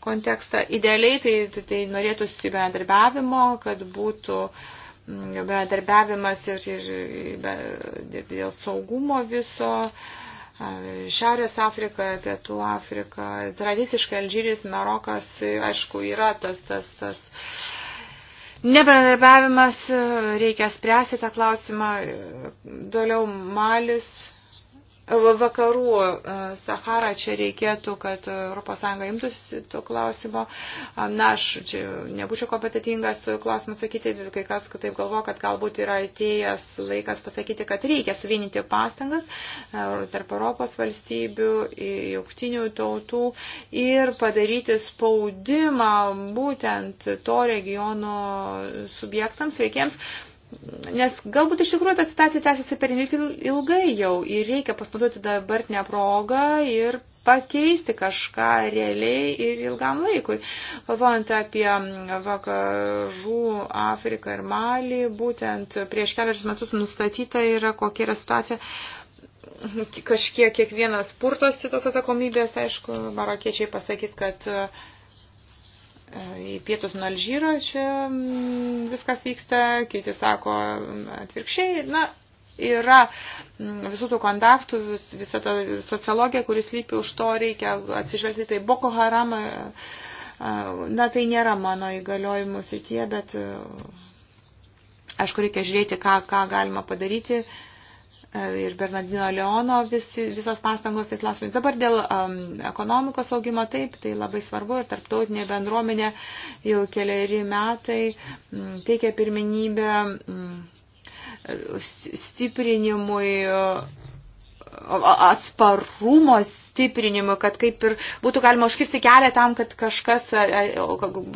kontekstą. Idealiai tai, tai, tai norėtųsi bendarbiavimo, kad būtų mm, bendarbiavimas ir, ir be, dėl saugumo viso. Šiaurės Afrika, Pietų Afrika, tradiciškai Alžyris, Marokas, aišku, yra tas, tas, tas. Uh, Nebendarbiavimas reikia spręsti tą klausimą. Toliau Malis vakarų e, Sahara, čia reikėtų, kad ES imtųsi to klausimo. Na, aš čia nebūčiau kompetitingas klausimą sakyti, kai kas taip galvo, kad galbūt yra atėjęs laikas pasakyti, kad reikia suvienyti pastangas e, tarp Europos valstybių, jauktinių tautų ir padaryti spaudimą būtent to regiono subjektams veikiems, Nes galbūt iš tikrųjų ta situacija tęsiasi per ilgai jau ir reikia pasinaudoti dabartinę progą ir pakeisti kažką realiai ir ilgam laikui. Kalbant apie vakarų Afriką ir Malį, būtent prieš kelius metus nustatyta yra kokia yra situacija kažkiek kiekvienas purtosi tos atsakomybės, aišku, marokiečiai pasakys, kad uh, į pietus nuo Alžyro čia mm, viskas vyksta, kiti sako mm, atvirkščiai. Na, yra mm, visų tų kontaktų, vis, visa ta sociologija, kuris lypi už to, reikia atsižvelgti tai Boko Haramą. E, e, na, tai nėra mano įgaliojimų srityje, bet e, aišku, reikia žiūrėti, ką, ką galima padaryti. Uh, ir Bernardino Leono visi, visos pastangos tais klausimais. Dabar dėl um, ekonomikos augimo taip, tai labai svarbu ir tarptautinė bendruomenė jau keliari metai m, mm, teikia pirmenybę m, mm, stiprinimui atsparumo stiprinimui, kad kaip ir būtų galima užkisti kelią tam, kad kažkas,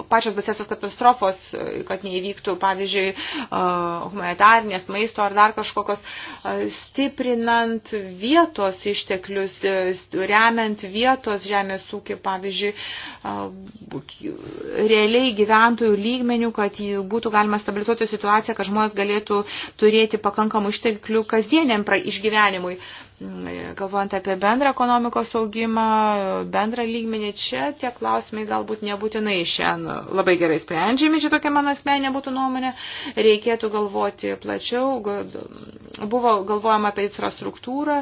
pačios basėsios katastrofos, kad neįvyktų, pavyzdžiui, humanitarnės maisto ar dar kažkokios, stiprinant vietos išteklius, remiant vietos žemės ūkį, pavyzdžiui, realiai gyventojų lygmenių, kad būtų galima stabilizuoti situaciją, kad žmonės galėtų turėti pakankamų išteklių kasdieniam išgyvenimui. Uh, galvojant apie bendrą ekonomikos augimą, bendrą lygmenį, čia tie klausimai galbūt nebūtinai šiandien labai gerai sprendžiami, čia tokia mano asmenė būtų nuomonė, reikėtų galvoti plačiau, buvo galvojama apie infrastruktūrą,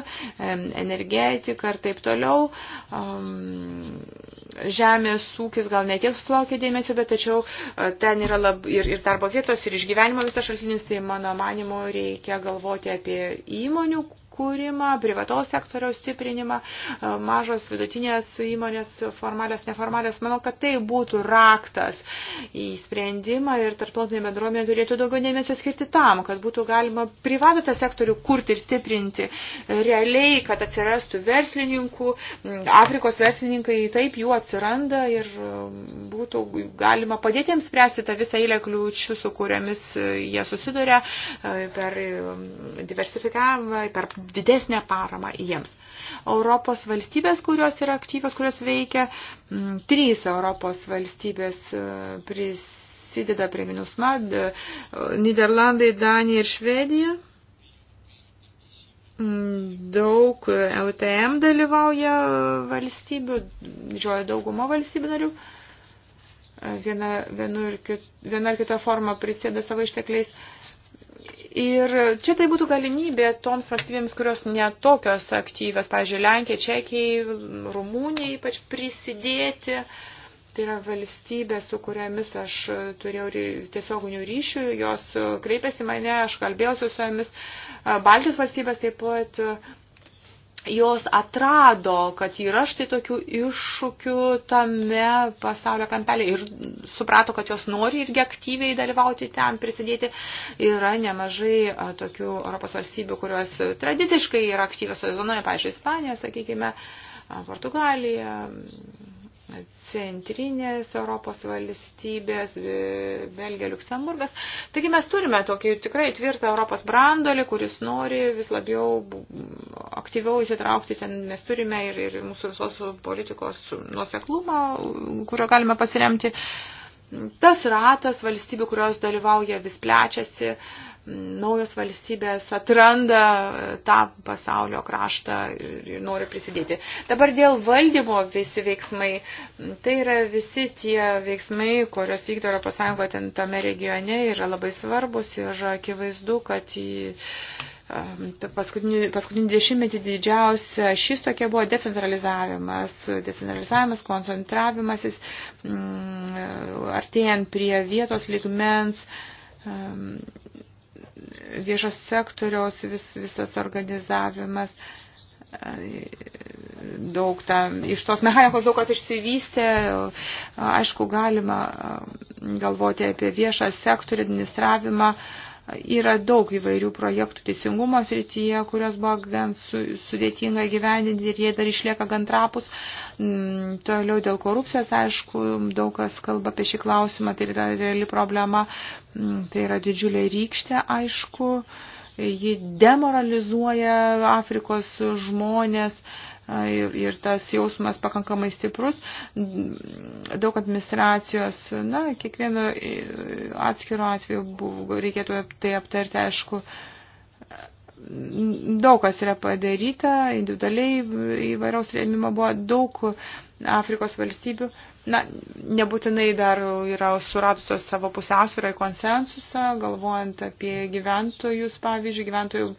energetiką ir taip toliau, žemės ūkis gal netiek sulaukė dėmesio, bet tačiau e, ten yra lab, ir, ir darbo vietos, ir išgyvenimo visas šaltinis, tai mano manimo reikia galvoti apie įmonių kūrimą, privataus sektoriaus stiprinimą, e, mažos vidutinės įmonės formalios, neformalios. Manau, kad tai būtų raktas į sprendimą ir tarptautinė bendruomenė turėtų daugiau dėmesio skirti tam, kad būtų galima privatų tą sektorių kurti ir stiprinti realiai, kad atsirastų verslininkų, Afrikos verslininkai taip jų atsiranda ir e, būtų galima padėti jiems spręsti tą visą eilę kliūčių, su kuriamis e, jie susiduria per diversifikavimą, per didesnę paramą jiems. Europos valstybės, kurios yra aktyvios, kurios veikia, mm, trys Europos valstybės e, prisideda prie MINUSMA, e, Niderlandai, Danija ir Švedija. Mm, daug LTM dalyvauja valstybių, didžioji dauguma valstybių narių e, viena, vienu ir kit, viena ar kita forma prisėda savo ištekliais. Ir čia tai būtų galimybė toms valstybėms, kurios netokios aktyvios, pavyzdžiui, Lenkija, Čekija, Rumunija ypač prisidėti. Tai yra valstybė, su kuriamis aš turėjau tiesioginių ryšių, jos kreipėsi mane, aš kalbėjau su jomis. Baltijos valstybės taip pat jos atrado, kad yra štai tokių iššūkių tame pasaulio kampelė ir suprato, kad jos nori irgi aktyviai dalyvauti ten, prisidėti. Yra nemažai tokių Europos valstybių, kurios tradiciškai yra aktyvios toje zonoje, pavyzdžiui, Ispanija, sakykime, Portugalija, centrinės Europos valstybės, Belgija, Luksemburgas. Taigi mes turime tokį tikrai tvirtą Europos brandolį, kuris nori vis labiau aktyviau įsitraukti ten. Mes turime ir, ir mūsų visos politikos nuoseklumą, kurio galime pasiremti. Tas ratas valstybių, kurios dalyvauja, vis plečiasi. Uh, naujos valstybės atranda tą pasaulio kraštą ir nori prisidėti. Dabar dėl valdymo visi veiksmai, tai yra visi tie veiksmai, kurios vykdo Europos Sąjungo ten tame regione, yra labai svarbus ir akivaizdu, kad į, um, paskutinį, paskutinį dešimtmetį didžiausia šis tokia buvo decentralizavimas, decentralizavimas, koncentravimasis, mm, artėjant prie vietos ligmens, um, viešos sektoriaus vis, visas organizavimas. Daug tam, iš tos mechanikos daug kas išsivystė, aišku, galima galvoti apie viešą sektorių administravimą, uh, Yra daug įvairių projektų teisingumo srityje, kurios buvo gan su, sudėtinga gyvendinti ir jie dar išlieka gan trapus. Mm, toliau dėl korupcijos, aišku, daug kas kalba apie šį klausimą, tai yra reali problema, mm, tai yra didžiulė rykštė, aišku, ji demoralizuoja Afrikos žmonės. Mm, ir tas jausmas pakankamai stiprus. Daug administracijos, na, kiekvieno e, atskiro atveju buvo, reikėtų tai aptarti, aišku, daug kas yra padaryta, individualiai įvairiaus rėmimo buvo daug Afrikos valstybių. Na, nebūtinai dar yra suradusios savo pusiausvyrą į konsensusą, galvojant apie gyventojus, pavyzdžiui, gyventojų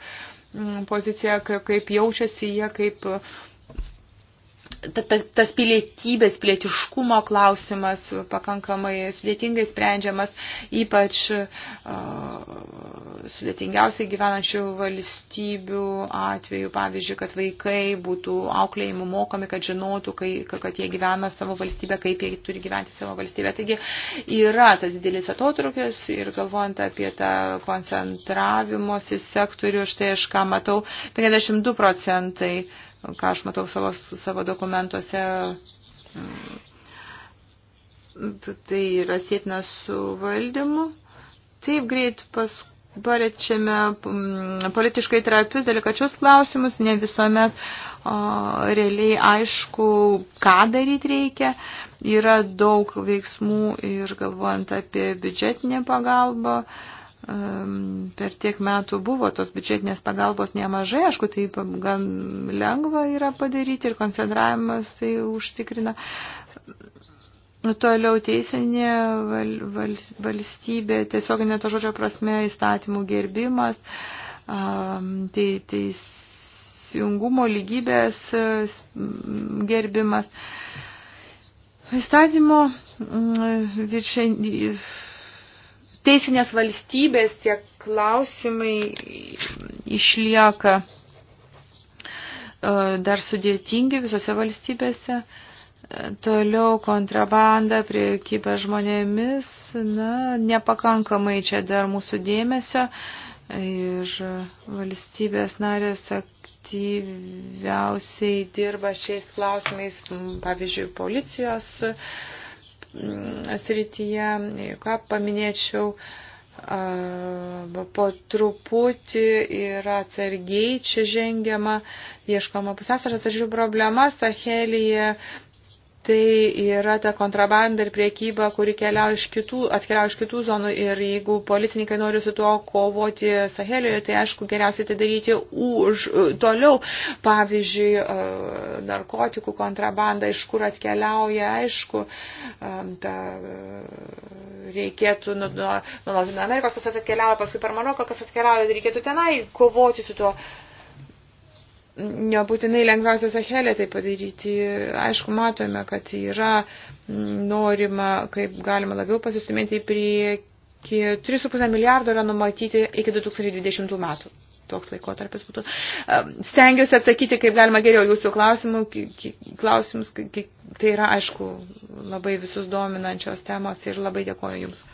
poziciją, kaip jaučiasi jie, kaip uh, tas pilietybės, pilietiškumo klausimas pakankamai sudėtingai sprendžiamas, ypač sudėtingiausiai gyvenančių valstybių atveju, pavyzdžiui, kad vaikai būtų auklėjimu mokomi, kad žinotų, kai, kad jie gyvena savo valstybę, kaip jie turi gyventi savo valstybę. Taigi yra tas didelis atotrukis ir galvojant apie tą koncentravimosi sektorių, štai aš ką matau, 52 procentai ką aš matau savo, savo dokumentuose, mm, tai yra sėtina su valdymu. Taip greit paskui parečiame mm, politiškai trapius, delikačius klausimus, ne visuomet o, realiai aišku, ką daryti reikia. Yra daug veiksmų ir galvojant apie biudžetinę pagalbą. O, per tiek metų buvo tos biudžetinės pagalbos nemažai, aišku, tai gan lengva yra padaryti ir koncentravimas tai užtikrina. Toliau teisinė val, val, valstybė, tiesiog ne to žodžio prasme įstatymų gerbimas, tai teisingumo lygybės gerbimas. Įstatymo viršen, teisinės valstybės tie klausimai išlieka e, dar sudėtingi visose valstybėse. E, toliau kontrabanda, priekyba žmonėmis, na, nepakankamai čia dar mūsų dėmesio ir valstybės narės aktyviausiai dirba šiais klausimais, pavyzdžiui, policijos uh, Mm, srityje, ką paminėčiau, po truputį ir atsargiai čia žengiama, ieškoma pusiausvėros. Aš žiūriu problemas Sahelyje, tai yra ta kontrabanda ir priekyba, kuri keliauja iš kitų, atkeliauja iš kitų zonų ir jeigu policininkai nori su tuo kovoti Sahelioje, tai aišku, geriausiai tai daryti už, toliau, pavyzdžiui, e, narkotikų kontrabanda, iš kur atkeliauja, aišku, e, ta, e, reikėtų nu, nuo nu, nu, Amerikos, kas atkeliauja, paskui per Maroką, kas atkeliauja, reikėtų tenai kovoti su tuo. Uh, nebūtinai lengviausia Sahelė tai padaryti. Aišku, matome, kad yra norima, kaip galima labiau pasistumėti į priekį. 3,5 milijardo yra numatyti iki 2020 metų. Toks laikotarpis būtų. Stengiuosi atsakyti, kaip galima geriau jūsų klausimų, klausimus. Tai yra, aišku, labai visus dominančios temos ir labai dėkoju Jums.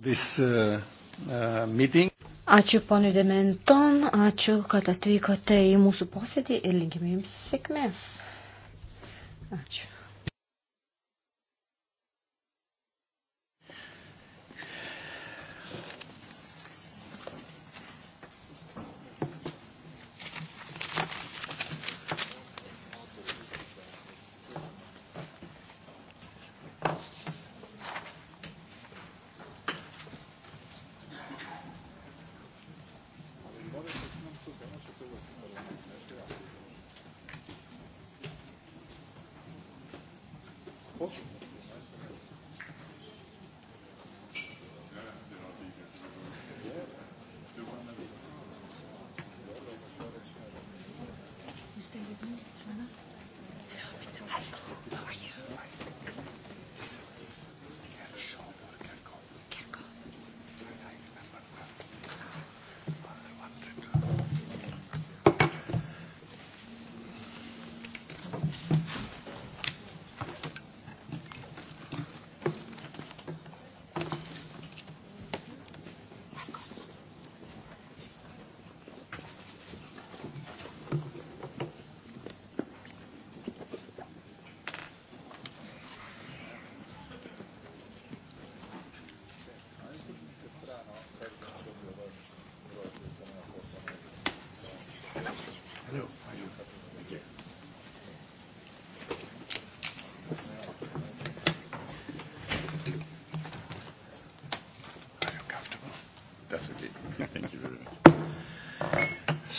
This, uh... Uh, meeting. Ačiū ponui Dementon, ačiū, kad atvykote į mūsų posėdį ir linkime jums sėkmės. Ačiū.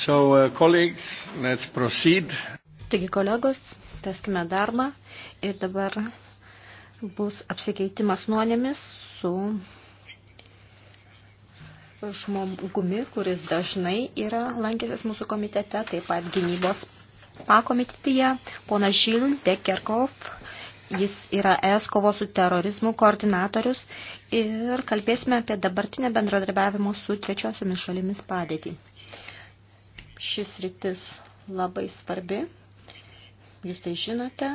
So, uh, e, colleagues, let's proceed. Taigi, kolegos, teskime darbą ir dabar bus apsikeitimas nuonėmis su žmogumi, kuris dažnai yra lankęsis mūsų komitete, taip pat gynybos pakomitetyje, ponas Žil Dekerkov, jis yra ES kovos su terorizmu koordinatorius ir kalbėsime apie dabartinę bendradarbiavimo su trečiosiomis šalimis padėtį šis rytis labai svarbi, jūs tai žinote,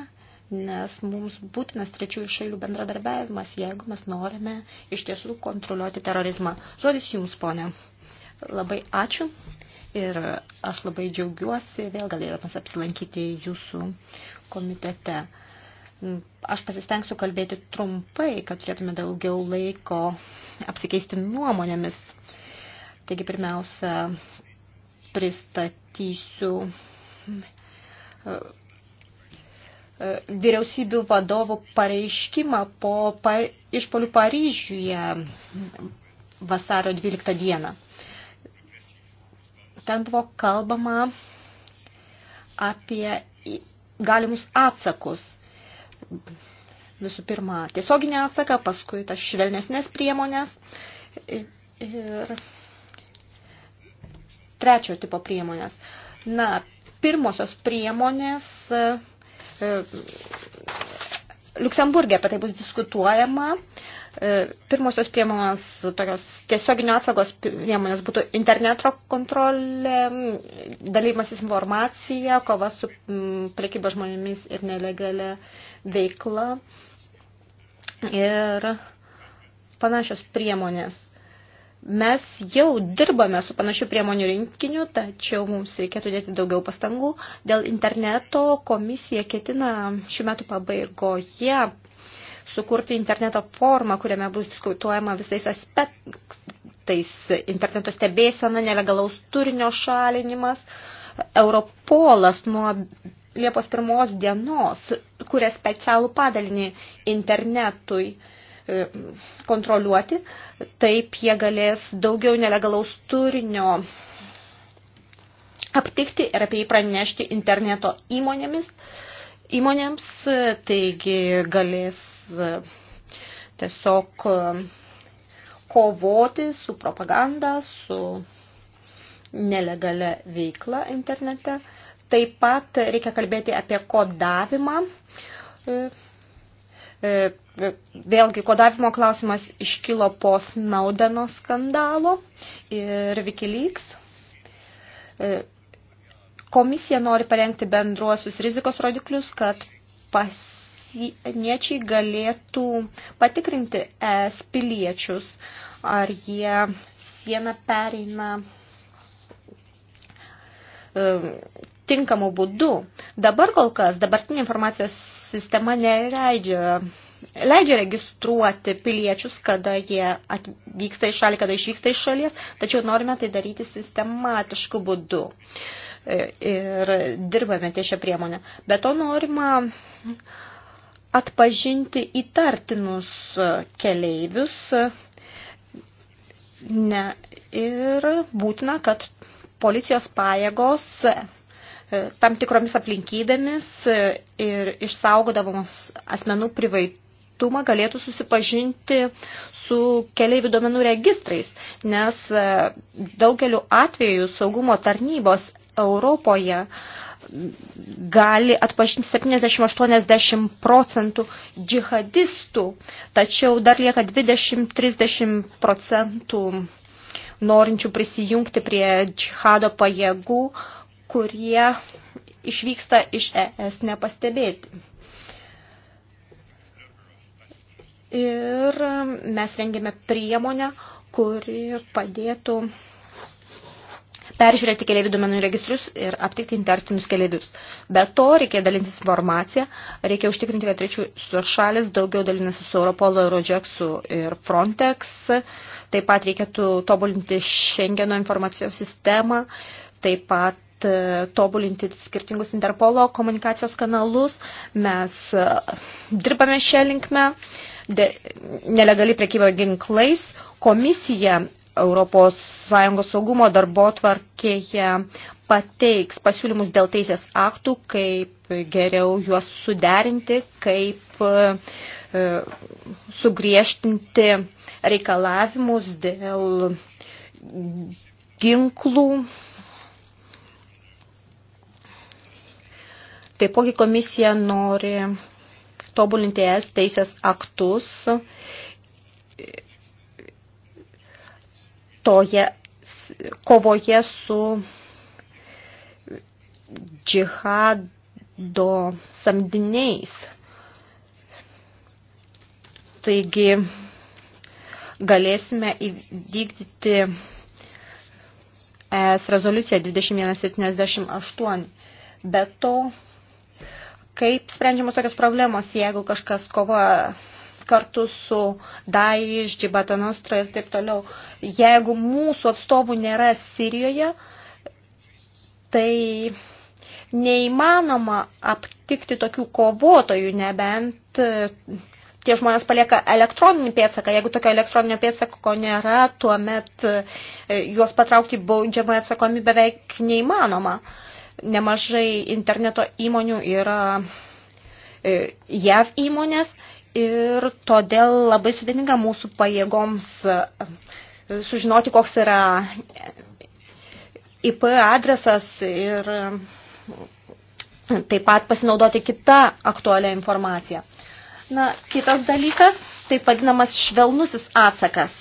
nes mums būtinas trečiųjų šalių bendradarbiavimas, jeigu mes norime iš tiesų kontroliuoti terorizmą. Žodis jums, ponė. Labai ačiū ir aš labai džiaugiuosi vėl galėdamas apsilankyti jūsų komitete. Aš pasistengsiu kalbėti trumpai, kad turėtume daugiau laiko apsikeisti nuomonėmis. Taigi pirmiausia, pristatysiu e, e, vyriausybių vadovų pareiškimą po išpolių Paryžiuje vasario 12 dieną. Ten buvo kalbama apie galimus atsakus. Visų pirma, tiesioginį atsaką, paskui tas švelnesnės priemonės. Ir trečiojo tipo priemonės. Na, pirmosios priemonės e, e, Luksemburgė apie tai bus diskutuojama. E, pirmosios priemonės, tokios tiesioginio atsagos priemonės būtų interneto kontrolė, dalymas informacija, kova su prekybo žmonėmis ir nelegalia veikla ir panašios priemonės. Mes jau dirbame su panašių priemonių rinkiniu, tačiau mums reikėtų dėti daugiau pastangų. Dėl interneto komisija ketina šių metų pabaigoje sukurti interneto formą, kuriame bus diskutuojama visais aspektais - interneto stebėsena, nelegalaus turinio šalinimas. Europolas nuo Liepos pirmos dienos kuria specialų padalinį internetui E, kontroliuoti, taip jie galės daugiau nelegalaus turinio aptikti ir apie jį pranešti interneto įmonėmis, įmonėms, taigi galės e, tiesiog e, kovoti su propaganda, su nelegalia veikla internete. Taip pat reikia kalbėti apie kodavimą. E, vėlgi, kodavimo klausimas iškilo po Snaudeno skandalo ir Wikileaks. E, komisija nori parengti bendruosius rizikos rodiklius, kad pasieniečiai galėtų patikrinti es piliečius, ar jie sieną pereina e, tinkamu būdu. Dabar kol kas dabartinė informacijos sistema neleidžia leidžia registruoti piliečius, kada jie atvyksta į šalį, kada išvyksta iš šalies, tačiau norime tai daryti sistematišku būdu. E, ir dirbame ties šią priemonę. Be to norima atpažinti įtartinus keleivius ne, ir būtina, kad policijos pajėgos E, tam tikromis aplinkybėmis e, ir išsaugodavamos asmenų privaitumą galėtų susipažinti su keliaivių duomenų registrais, nes e, daugeliu atveju saugumo tarnybos Europoje gali atpažinti 70-80 procentų džihadistų, tačiau dar lieka 20-30 procentų norinčių prisijungti prie džihado pajėgų, kurie išvyksta iš ES nepastebėti. Ir mes rengėme priemonę, kuri padėtų peržiūrėti keliaivių duomenų registrus ir aptikti intertinius keliaivius. Be to, reikia dalintis informaciją, reikia užtikrinti, kad trečių šalis daugiau dalinasi su Europolo, Eurojaxu ir Frontex. Taip pat reikėtų tobulinti Schengeno informacijos sistemą, taip pat E, tobulinti skirtingus Interpolo komunikacijos kanalus. Mes e, dirbame šią linkmę. De, nelegali prekyba ginklais. Komisija Europos Sąjungos saugumo darbo tvarkėje pateiks pasiūlymus dėl teisės aktų, kaip geriau juos suderinti, kaip e, sugriežtinti reikalavimus dėl ginklų Taipogi komisija nori tobulinti es teisės aktus toje kovoje su džihado samdiniais. Taigi galėsime įvykdyti ES rezoliuciją 2178. Be to, kaip sprendžiamos tokios problemos, jeigu kažkas kovoja kartu su Daiš, Džibatanostra ir taip toliau. Jeigu mūsų atstovų nėra Sirijoje, tai neįmanoma aptikti tokių kovotojų, nebent e, tie žmonės palieka elektroninį pėdsaką. Jeigu tokio elektroninio pėdsako nėra, tuomet e, juos patraukti baudžiamą atsakomybę beveik neįmanoma. Uh, nemažai interneto įmonių yra e, JAV įmonės ir todėl labai sudėtinga mūsų pajėgoms e, sužinoti, koks yra IP adresas ir e, taip pat pasinaudoti kitą aktualią informaciją. Na, kitas dalykas, taip vadinamas švelnusis atsakas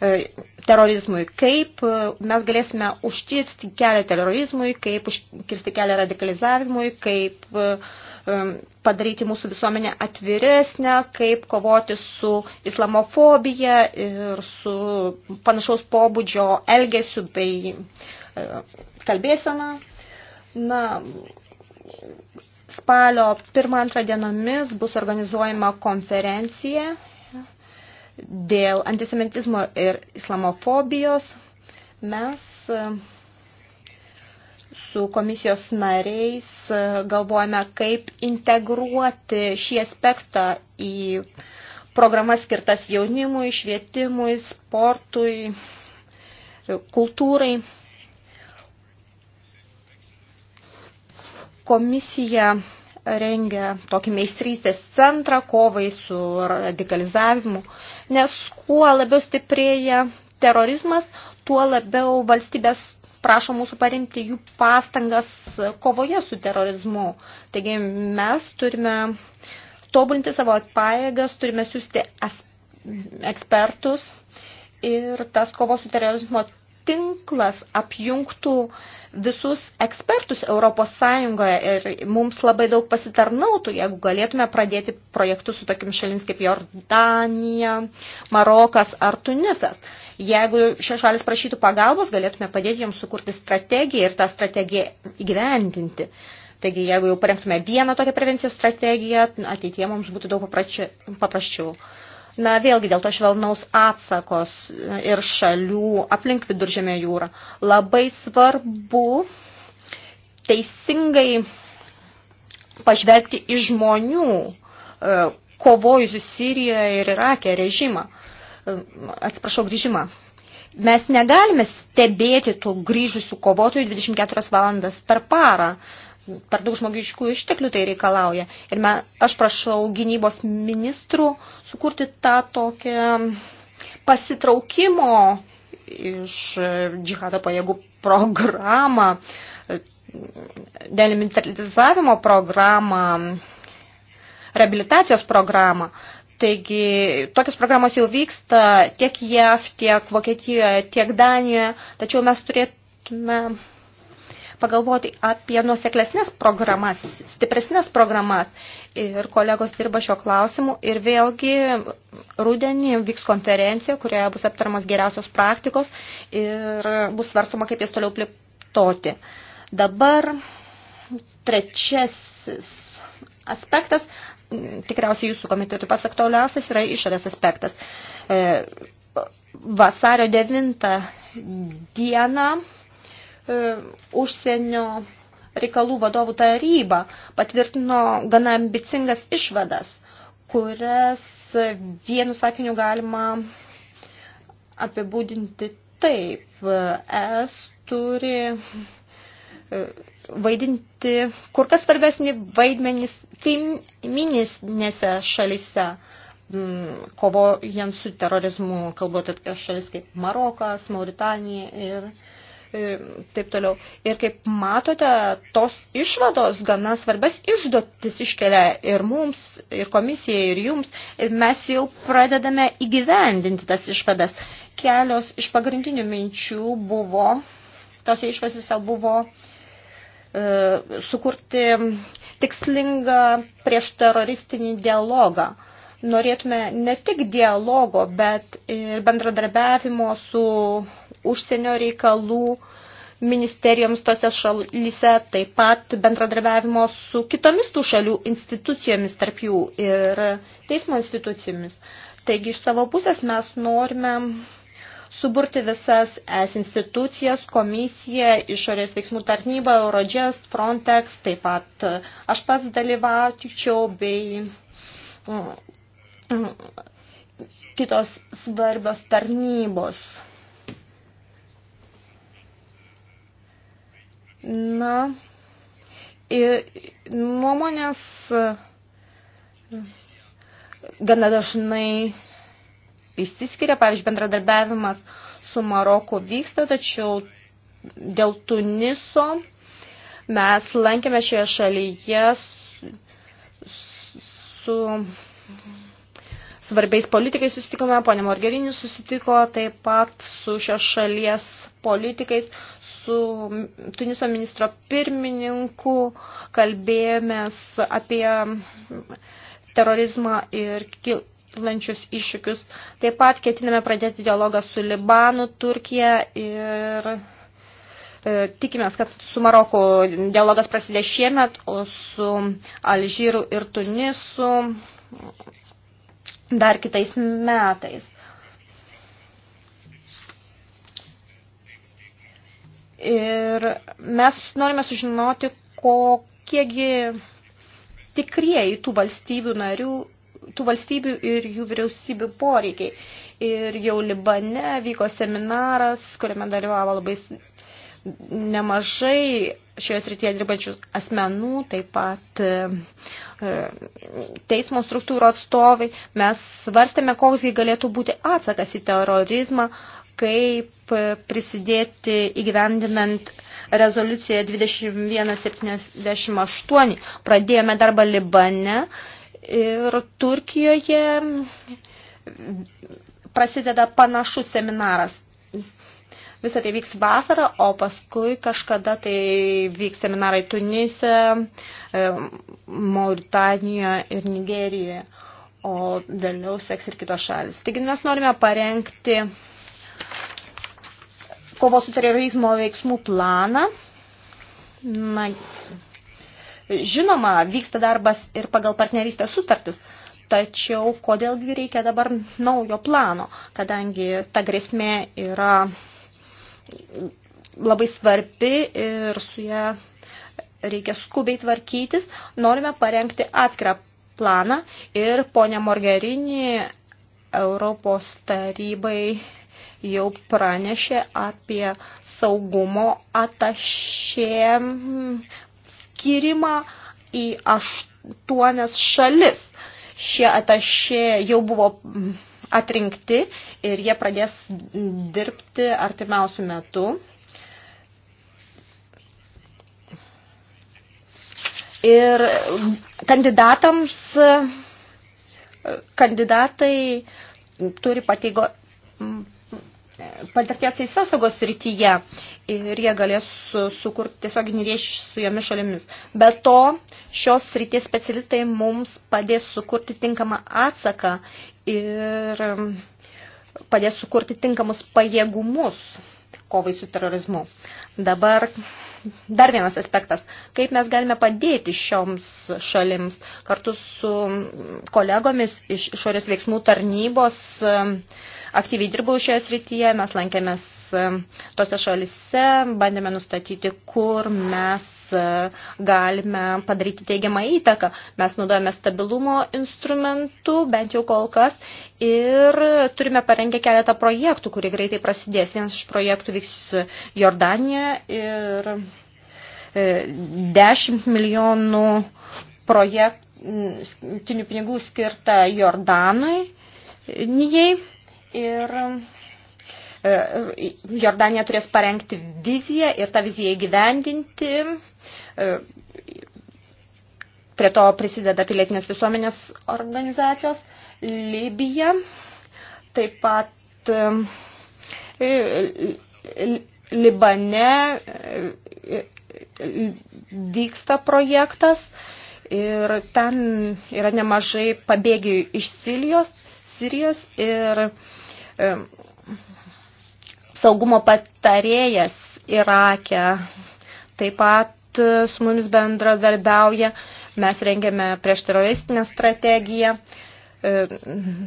E, terorizmui, kaip e, mes galėsime užtirsti kelią terorizmui, kaip užkirsti kelią radikalizavimui, kaip e, padaryti mūsų visuomenę atviresnę, kaip kovoti su islamofobija ir su panašaus pobūdžio elgesiu bei kalbėsena. Na, spalio 1-2 dienomis bus organizuojama konferencija dėl antisemitizmo ir islamofobijos mes e, su komisijos nariais e, galvojame, kaip integruoti šį aspektą į programas skirtas jaunimui, švietimui, sportui, kultūrai. Komisija rengia tokį meistrystės centrą kovai su radikalizavimu. Uh, nes kuo labiau stiprėja terorizmas, tuo labiau valstybės prašo mūsų paremti jų pastangas kovoje su terorizmu. Taigi mes turime tobulinti savo pajėgas, turime siūsti ekspertus ir tas kovos su terorizmo tinklas apjungtų visus ekspertus Europos Sąjungoje ir mums labai daug pasitarnautų, jeigu galėtume pradėti projektus su tokim šalims kaip Jordanija, Marokas ar Tunisas. Jeigu šios šalis prašytų pagalbos, galėtume padėti joms sukurti strategiją ir tą strategiją įgyvendinti. Taigi, jeigu jau parengtume vieną tokią prevencijos strategiją, ateitie mums būtų daug paprasčiau. Na, vėlgi dėl to švelnaus atsakos ir šalių aplink viduržėmio jūrą. Labai svarbu teisingai pažvelgti į žmonių e, kovojusių Sirijoje ir Irake režimą. E, atsiprašau, grįžimą. Mes negalime stebėti tų grįžusių kovotojų 24 valandas per parą. Uh, per daug žmogiškų išteklių tai reikalauja. Ir me, aš prašau gynybos ministrų sukurti tą tokią pasitraukimo iš e, džihado pajėgų programą, delimilitarizavimo programą, rehabilitacijos programą. Taigi, tokios programos jau vyksta tiek JAV, tiek Vokietijoje, tiek Danijoje, tačiau mes turėtume pagalvoti apie nuoseklesnės programas, stipresnės programas. Ir kolegos dirba šio klausimu. Ir vėlgi rudenį vyks konferencija, kurioje bus aptariamas geriausios praktikos ir bus svarstoma, kaip jas toliau plėtoti. Dabar trečiasis aspektas, tikriausiai jūsų komitetui pats aktualiausias, yra išorės aspektas. E, vasario 9 dieną E, užsienio reikalų vadovų taryba patvirtino gana ambicingas išvadas, kurias vienu sakiniu galima apibūdinti taip. Es turi e, vaidinti kur kas svarbesnį vaidmenį kaimininėse šalise, kovojant su terorizmu, kalbant apie šalis kaip Marokas, Mauritanija ir E, taip toliau. Ir kaip matote, tos išvados gana svarbas išduotis iškelia ir mums, ir komisijai, ir jums. Mes jau pradedame įgyvendinti tas išvadas. Kelios iš pagrindinių minčių buvo, tose išvasiuose buvo e, sukurti tikslingą priešteroristinį dialogą norėtume ne tik dialogo, bet ir bendradarbiavimo su užsienio reikalų ministerijoms tose šalyse, taip pat bendradarbiavimo su kitomis tų šalių institucijomis, tarp jų ir teismo institucijomis. Taigi iš savo pusės mes norime suburti visas es institucijas, komisiją, išorės veiksmų tarnybą, Eurojust, Frontex, taip pat aš pats dalyvaučiau bei mm, kitos svarbios tarnybos. Na, nuomonės e, gana dažnai išsiskiria, pavyzdžiui, bendradarbiavimas su Maroku vyksta, tačiau dėl Tuniso mes lankėme šioje šalyje su, su svarbiais politikais susitikome, ponė Morgerinį susitiko taip pat su šios šalies politikais, su Tuniso ministro pirmininku kalbėjomės apie terorizmą ir kilančius iššūkius. Taip pat ketiname pradėti dialogą su Libanu, Turkija ir e, tikimės, kad su Maroku dialogas prasidės šiemet, o su Alžyru ir Tunisu dar kitais metais. Ir mes norime sužinoti, kokiegi tikrieji tų valstybių narių, tų valstybių ir jų vyriausybių poreikiai. Ir jau Libane vyko seminaras, kuriame dalyvavo labai nemažai šioje srityje dirbančių asmenų, taip pat e, teismo struktūrų atstovai. Mes svarstėme, koksgi galėtų būti atsakas į terorizmą, kaip prisidėti įgyvendinant rezoliuciją 2178. Pradėjome darbą Libane ir Turkijoje prasideda panašus seminaras. Visą tai vyks vasarą, o paskui kažkada tai vyks seminarai Tunise, e, Mauritanijoje ir Nigerijoje, o vėliau seks ir kitos šalis. Taigi mes norime parengti kovos su terorizmo veiksmų planą. Na, žinoma, vyksta darbas ir pagal partnerystės sutartis, tačiau kodėlgi reikia dabar naujo plano, kadangi ta grėsmė yra labai svarbi ir su ją reikia skubiai tvarkytis. Norime parengti atskirą planą ir ponia Morgerini Europos tarybai jau pranešė apie saugumo atašė skirimą į aštuonias šalis. Šie atašė jau buvo atrinkti ir jie pradės dirbti artimiausių metų. Ir kandidatams kandidatai turi pateigo, patirties teisėsaugos rytyje ir jie galės su, sukurti tiesioginį ryšį su jomis šalimis. Be to, šios ryties specialistai mums padės sukurti tinkamą atsaką ir um, padės sukurti tinkamus pajėgumus kovai su terorizmu. Dabar dar vienas aspektas, kaip mes galime padėti šioms šalims kartu su kolegomis iš išorės veiksmų tarnybos. Um, aktyviai dirbau šioje srityje, mes lankėmės um, tose šalise, bandėme nustatyti, kur mes galime padaryti teigiamą įtaką. Mes naudojame stabilumo instrumentų, bent jau kol kas, ir turime parengę keletą projektų, kurie greitai prasidės. Vienas iš projektų vyks Jordanijoje ir 10 milijonų projektinių pinigų skirta Jordanui. Nijai. Ir E, Jordanija turės parengti viziją ir tą viziją įgyvendinti. E, prie to prisideda pilietinės visuomenės organizacijos. Libija taip pat e, Libane vyksta projektas ir ten yra nemažai pabėgėjų iš Silijos, Sirijos ir saugumo patarėjas Irake. Taip pat e, su mumis bendradarbiauja, mes rengiame prieš teroristinę strategiją. E,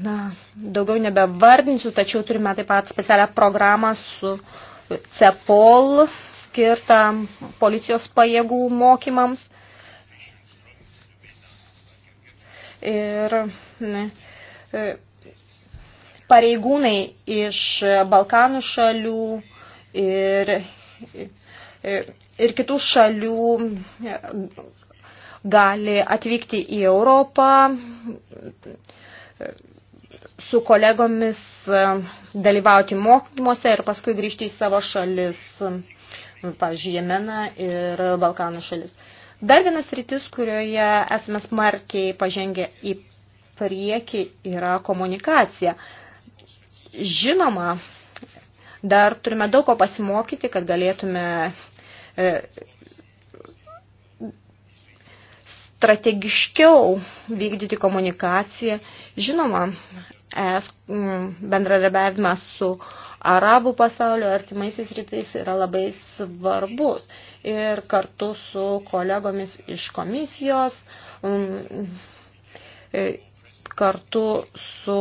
na, daugiau nebevardinsiu, tačiau turime taip pat specialią programą su CEPOL skirtą policijos pajėgų mokymams. Ir ne, e, pareigūnai iš Balkanų šalių ir, ir kitų šalių gali atvykti į Europą su kolegomis dalyvauti mokymuose ir paskui grįžti į savo šalis, pavyzdžiui, Jemeną ir Balkanų šalis. Dar vienas rytis, kurioje esame smarkiai pažengę į priekį, yra komunikacija. Žinoma, dar turime daug ko pasimokyti, kad galėtume e, strategiškiau vykdyti komunikaciją. Žinoma, es bendradarbiavimas su arabų pasaulio artimaisiais rytais yra labai svarbus. Ir kartu su kolegomis iš komisijos, e, kartu su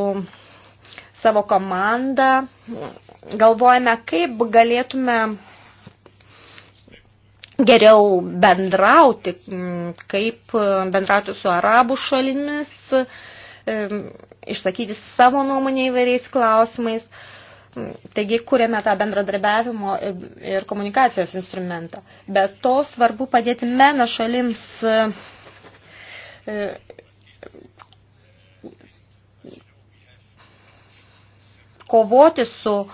savo komandą galvojame, kaip galėtume geriau bendrauti, kaip bendrauti su arabų šalimis, išsakyti savo nuomonę įvairiais klausimais. Taigi, kuriame tą bendradarbiavimo ir komunikacijos instrumentą. Be to svarbu padėti mena šalims kovoti su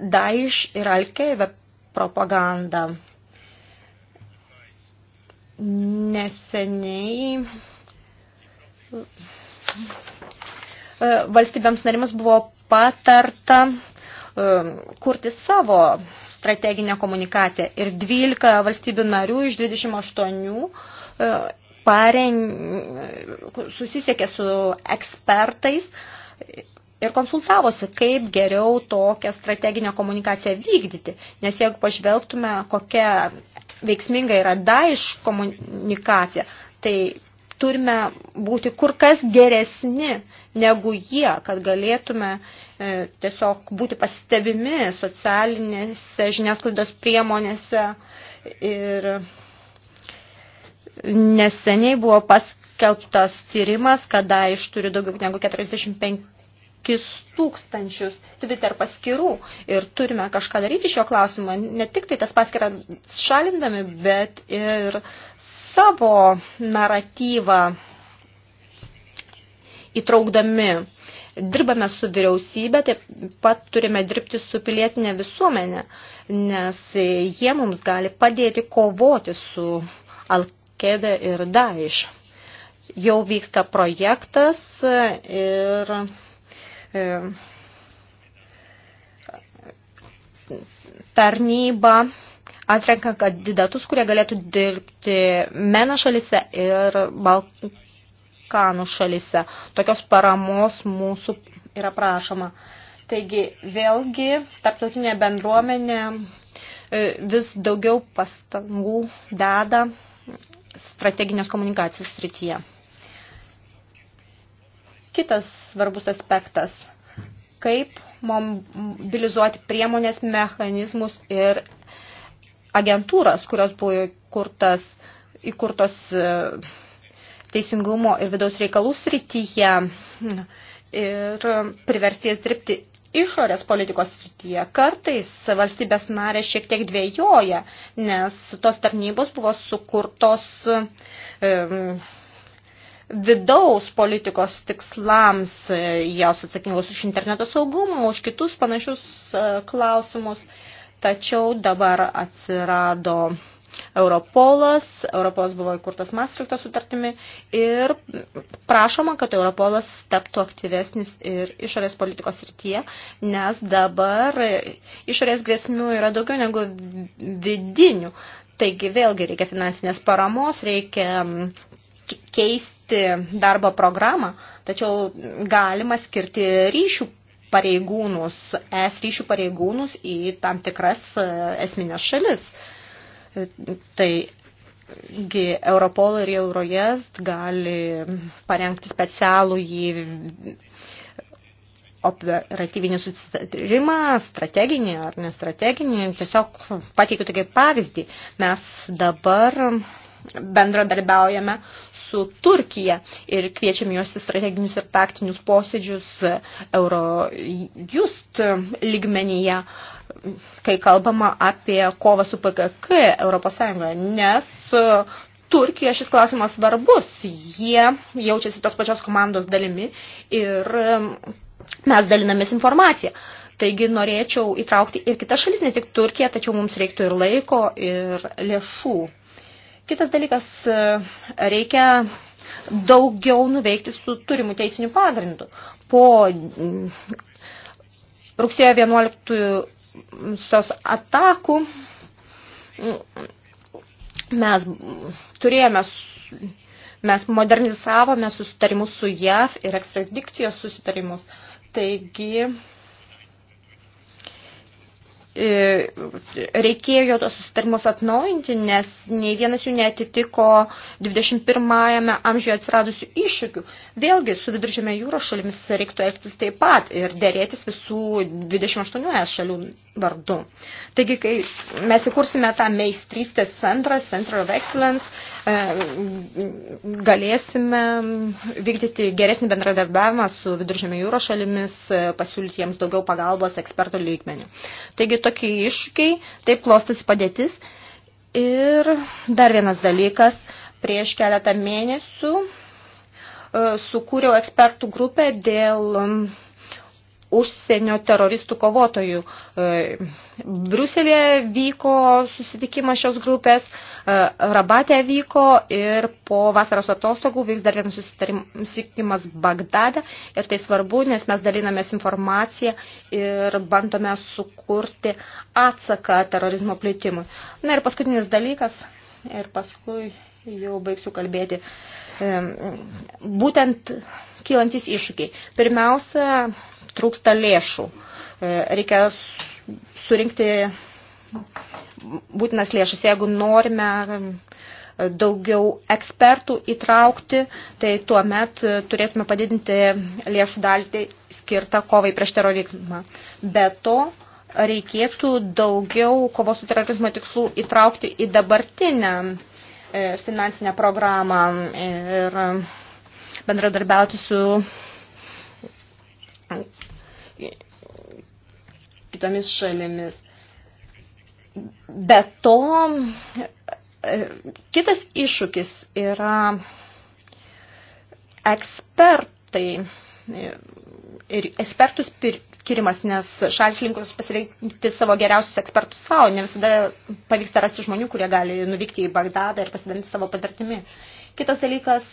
Daesh ir Alkeive propaganda. Neseniai e, valstybėms narims buvo patarta e, kurti savo strateginę komunikaciją. Ir 12 valstybių narių iš 28 e, pareng... susisiekė su ekspertais ir konsultavosi, kaip geriau tokią strateginę komunikaciją vykdyti. Nes jeigu pažvelgtume, kokia veiksminga yra daiš komunikacija, tai turime būti kur kas geresni negu jie, kad galėtume e, tiesiog būti pastebimi socialinėse žiniasklaidos priemonėse. Ir neseniai buvo paskelbtas tyrimas, kada iš turi daugiau negu 45 penkis tūkstančius Twitter paskirų ir turime kažką daryti šio klausimo, ne tik tai tas paskirą šalindami, bet ir savo naratyvą įtraukdami. Dirbame su vyriausybė, taip pat turime dirbti su pilietinė visuomenė, nes jie mums gali padėti kovoti su Al-Qaeda ir Daesh jau vyksta projektas ir E, tarnyba atrenka kandidatus, kurie galėtų dirbti MENA šalise ir Balkanų šalise. Tokios paramos mūsų yra prašoma. Taigi vėlgi tarptautinė bendruomenė e, vis daugiau pastangų deda strateginės komunikacijos srityje kitas svarbus aspektas – kaip mobilizuoti priemonės, mechanizmus ir agentūras, kurios buvo įkurtas, įkurtos e, teisingumo ir vidaus reikalų srityje ir priversties dirbti išorės politikos srityje. Kartais valstybės narės šiek tiek dvėjoja, nes tos tarnybos buvo sukurtos e, vidaus politikos tikslams, e, jos atsakingos už interneto saugumą, už kitus panašius e, klausimus. Tačiau dabar atsirado Europolas, Europolas buvo įkurtas Maastrichto sutartimi ir prašoma, kad Europolas taptų aktyvesnis ir išorės politikos rytyje, nes dabar išorės grėsmių yra daugiau negu vidinių. Taigi vėlgi reikia finansinės paramos, reikia keisti keisti darbo programą, tačiau galima skirti ryšių pareigūnus, es ryšių pareigūnus į tam tikras e, esminės šalis. E, taigi Europol ir Eurojust gali parengti specialų į operatyvinį susitarimą, strateginį ar nestrateginį, tiesiog pateikiu tokį pavyzdį. Mes dabar bendradarbiaujame su Turkija ir kviečiam juos į strateginius ir taktinius posėdžius Eurojust lygmenyje, kai kalbama apie kovą su PKK ES, nes Turkija šis klausimas svarbus, jie jaučiasi tos pačios komandos dalimi ir mes dalinamės informaciją. Taigi norėčiau įtraukti ir kitas šalis, ne tik Turkiją, tačiau mums reiktų ir laiko, ir lėšų. Kitas dalykas, e, reikia daugiau nuveikti su turimu teisiniu pagrindu. Po mm, rugsėjo 11 atakų mm, mes turėjome, mes modernizavome susitarimus su JAV ir ekstradikcijos susitarimus. Taigi, E, reikėjo tos susitarimus atnaujinti, nes nei vienas jų neatitiko 21-ame amžiuje atsiradusių iššūkių. Vėlgi, su viduržėme jūros šalimis reiktų elgtis taip pat ir dėrėtis visų 28 šalių vardu. Taigi, kai mes įkursime tą meistrystės centrą, Center of Excellence, e, galėsime vykdyti geresnį bendradarbiavimą su viduržėme jūros šalimis, e, pasiūlyti jiems daugiau pagalbos ekspertų lygmenių. Taigi, tokie iššūkiai, taip klostasi padėtis. Ir dar vienas dalykas, prieš keletą mėnesių e, sukūriau ekspertų grupę dėl užsienio teroristų kovotojų. E, Bruselėje vyko susitikimas šios grupės, e, Rabate vyko ir po vasaros atostogų vyks dar vienas susitikimas Bagdade ir tai svarbu, nes mes dalinamės informaciją ir bandome sukurti atsaką terorizmo plėtimui. Na ir paskutinis dalykas ir paskui jau baigsiu kalbėti. Būtent kylantis iššūkiai. Pirmiausia, trūksta lėšų. E, reikia surinkti būtinas lėšas. Jeigu norime e, daugiau ekspertų įtraukti, tai tuo met e, turėtume padidinti lėšų dalį skirtą kovai prieš terorizmą. Be to, reikėtų daugiau kovos su terorizmo tikslų įtraukti į dabartinę finansinę programą ir bendradarbiauti su kitomis šalimis. Be to, kitas iššūkis yra ekspertai ir ekspertų skirimas, nes šalis linkus pasirinkti savo geriausius ekspertus savo, ne visada pavyksta rasti žmonių, kurie gali nuvykti į Bagdadą ir pasidalinti savo patirtimi. Kitas dalykas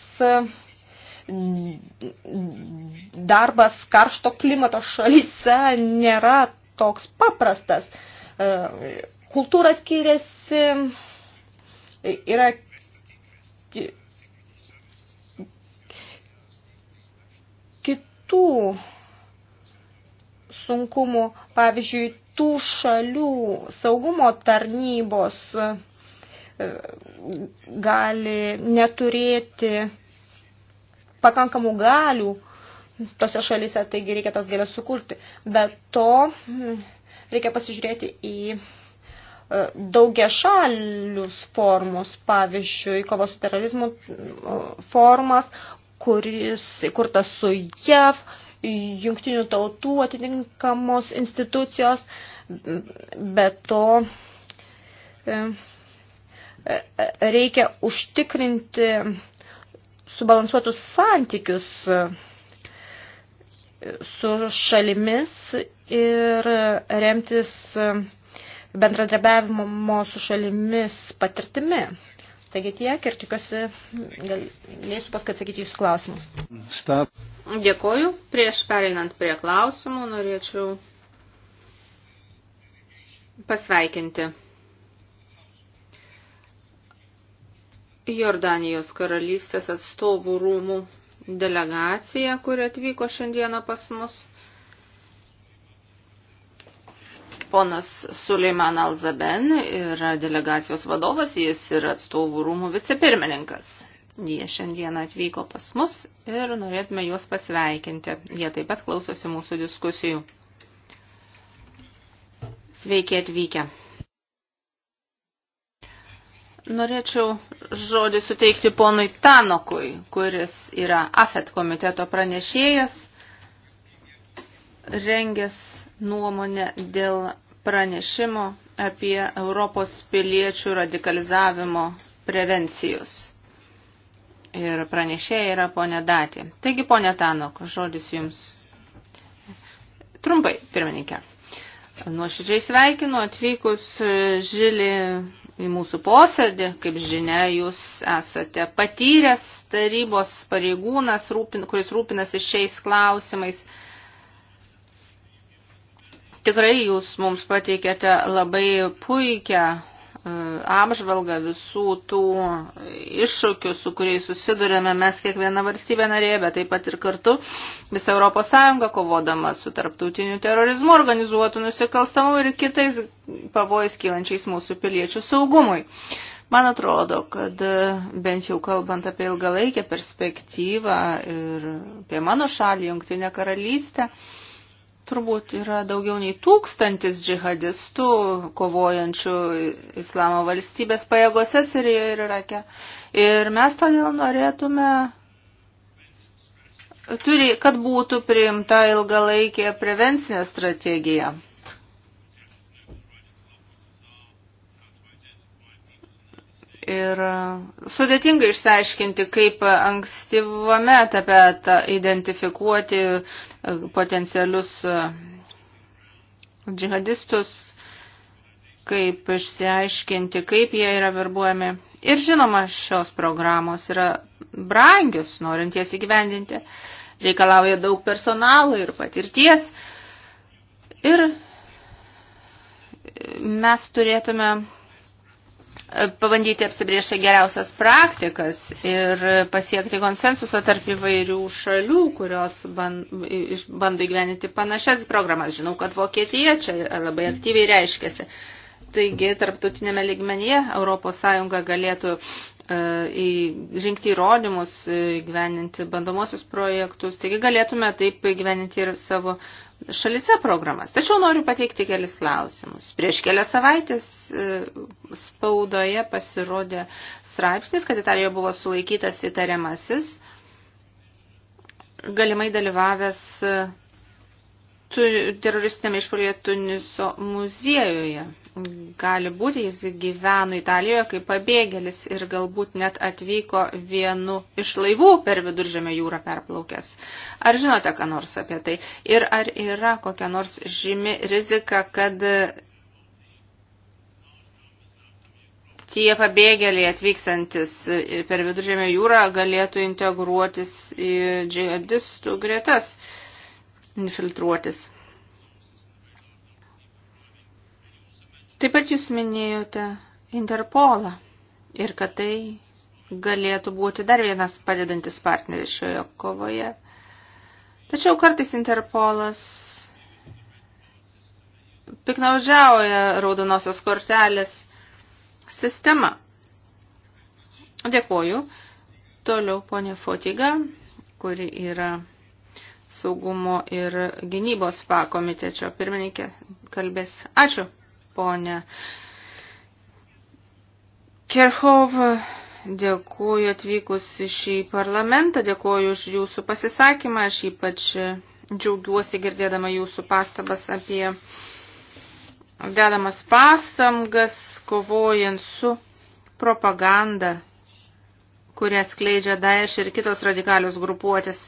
darbas karšto klimato šalyse nėra toks paprastas. E, kultūra skiriasi, yra kitų sunkumų, pavyzdžiui, tų šalių saugumo tarnybos e, gali neturėti pakankamų galių tose šalyse, taigi reikia tas galės sukurti. Be to reikia pasižiūrėti į e, daugia šalius formus, pavyzdžiui, kovos su terorizmu formas, kuris įkurtas su JAV, jungtinių tautų atitinkamos institucijos, bet to e, e, reikia užtikrinti subalansuotus santykius e, su šalimis ir remtis e, bendradarbiavimo su šalimis patirtimi. Taigi tiek ir tikiuosi, galėsiu paskui atsakyti jūsų klausimus. Stop. Dėkoju. Prieš pereinant prie klausimų norėčiau pasveikinti Jordanijos karalystės atstovų rūmų delegacija, kuri atvyko šiandieną pas mus. Ponas Suleiman Alzaben yra delegacijos vadovas, jis yra atstovų rūmų vicepirmininkas. Jie šiandieną atvyko pas mus ir norėtume juos pasveikinti. Jie taip pat klausosi mūsų diskusijų. Sveiki atvykę. Norėčiau žodį suteikti ponui Tanokui, kuris yra AFET komiteto pranešėjas, rengęs nuomonę dėl pranešimo apie Europos piliečių radikalizavimo prevencijos. Ir pranešėja yra ponė Datė. Taigi, ponė Tanok, žodis jums. Trumpai, pirmininkė. Nuoširdžiai sveikinu atvykus e, Žilį į mūsų posėdį. Kaip žinia, jūs esate patyręs tarybos pareigūnas, rūpin, kuris rūpinasi šiais klausimais. Tikrai jūs mums pateikėte labai puikią E, apžvalgą visų tų iššūkių, su kuriais susidurėme mes kiekvieną valstybę narėje, bet taip pat ir kartu visą Europos Sąjungą kovodama su tarptautiniu terorizmu, organizuotų nusikalstamu ir kitais pavojais kylančiais mūsų piliečių saugumui. Man atrodo, kad e, bent jau kalbant apie ilgalaikę perspektyvą ir apie mano šalį, Jungtinę karalystę, Turbūt yra daugiau nei tūkstantis džihadistų kovojančių Islamo valstybės pajėgose Sirijoje ir Irake. Ir mes todėl norėtume, turi, kad būtų priimta ilgalaikė prevencinė strategija. Ir e, sudėtinga išsiaiškinti, kaip ankstyvame etape identifikuoti e, potencialius e, džihadistus, kaip išsiaiškinti, kaip jie yra verbuojami. Ir žinoma, šios programos yra brangius, norint jas įgyvendinti. Reikalauja daug personalo ir patirties. Ir mes turėtume pabandyti apsibriežti geriausias praktikas ir pasiekti konsensuso tarp įvairių šalių, kurios bando įgyveninti panašias programas. Žinau, kad Vokietija čia labai aktyviai reiškiasi. Taigi, tarptautinėme ligmenyje ES galėtų rinkti e, įrodymus, e, gyveninti bandomosius projektus, taigi galėtume taip gyveninti ir savo šalise programas. Tačiau noriu pateikti kelis klausimus. Prieš kelias savaitės e, spaudoje pasirodė straipsnis, kad Italijoje buvo sulaikytas įtariamasis, galimai dalyvavęs teroristiniame išpolyje Tuniso muziejuje. Gali būti, jis gyveno Italijoje kaip pabėgėlis ir galbūt net atvyko vienu iš laivų per viduržėmio jūrą perplaukęs. Ar žinote ką nors apie tai? Ir ar yra kokia nors žymi rizika, kad tie pabėgėliai atvykstantis per viduržėmio jūrą galėtų integruotis į džihadistų gretas? Uh, infiltruotis. Taip pat jūs minėjote Interpolą ir kad tai galėtų būti dar vienas padedantis partneris šioje kovoje. Tačiau kartais Interpolas piknaudžiauja raudonosios kortelės sistemą. Dėkoju. Toliau ponė Fotiga, kuri yra saugumo ir gynybos pakomitečio pirmininkė kalbės. Ačiū, ponė. Kerhov, dėkuoju atvykus į šį parlamentą, dėkuoju už jūsų pasisakymą, aš ypač džiaugiuosi girdėdama jūsų pastabas apie dedamas pastangas, kovojant su propaganda, kurią skleidžia Daesh ir kitos radikalios grupuotės.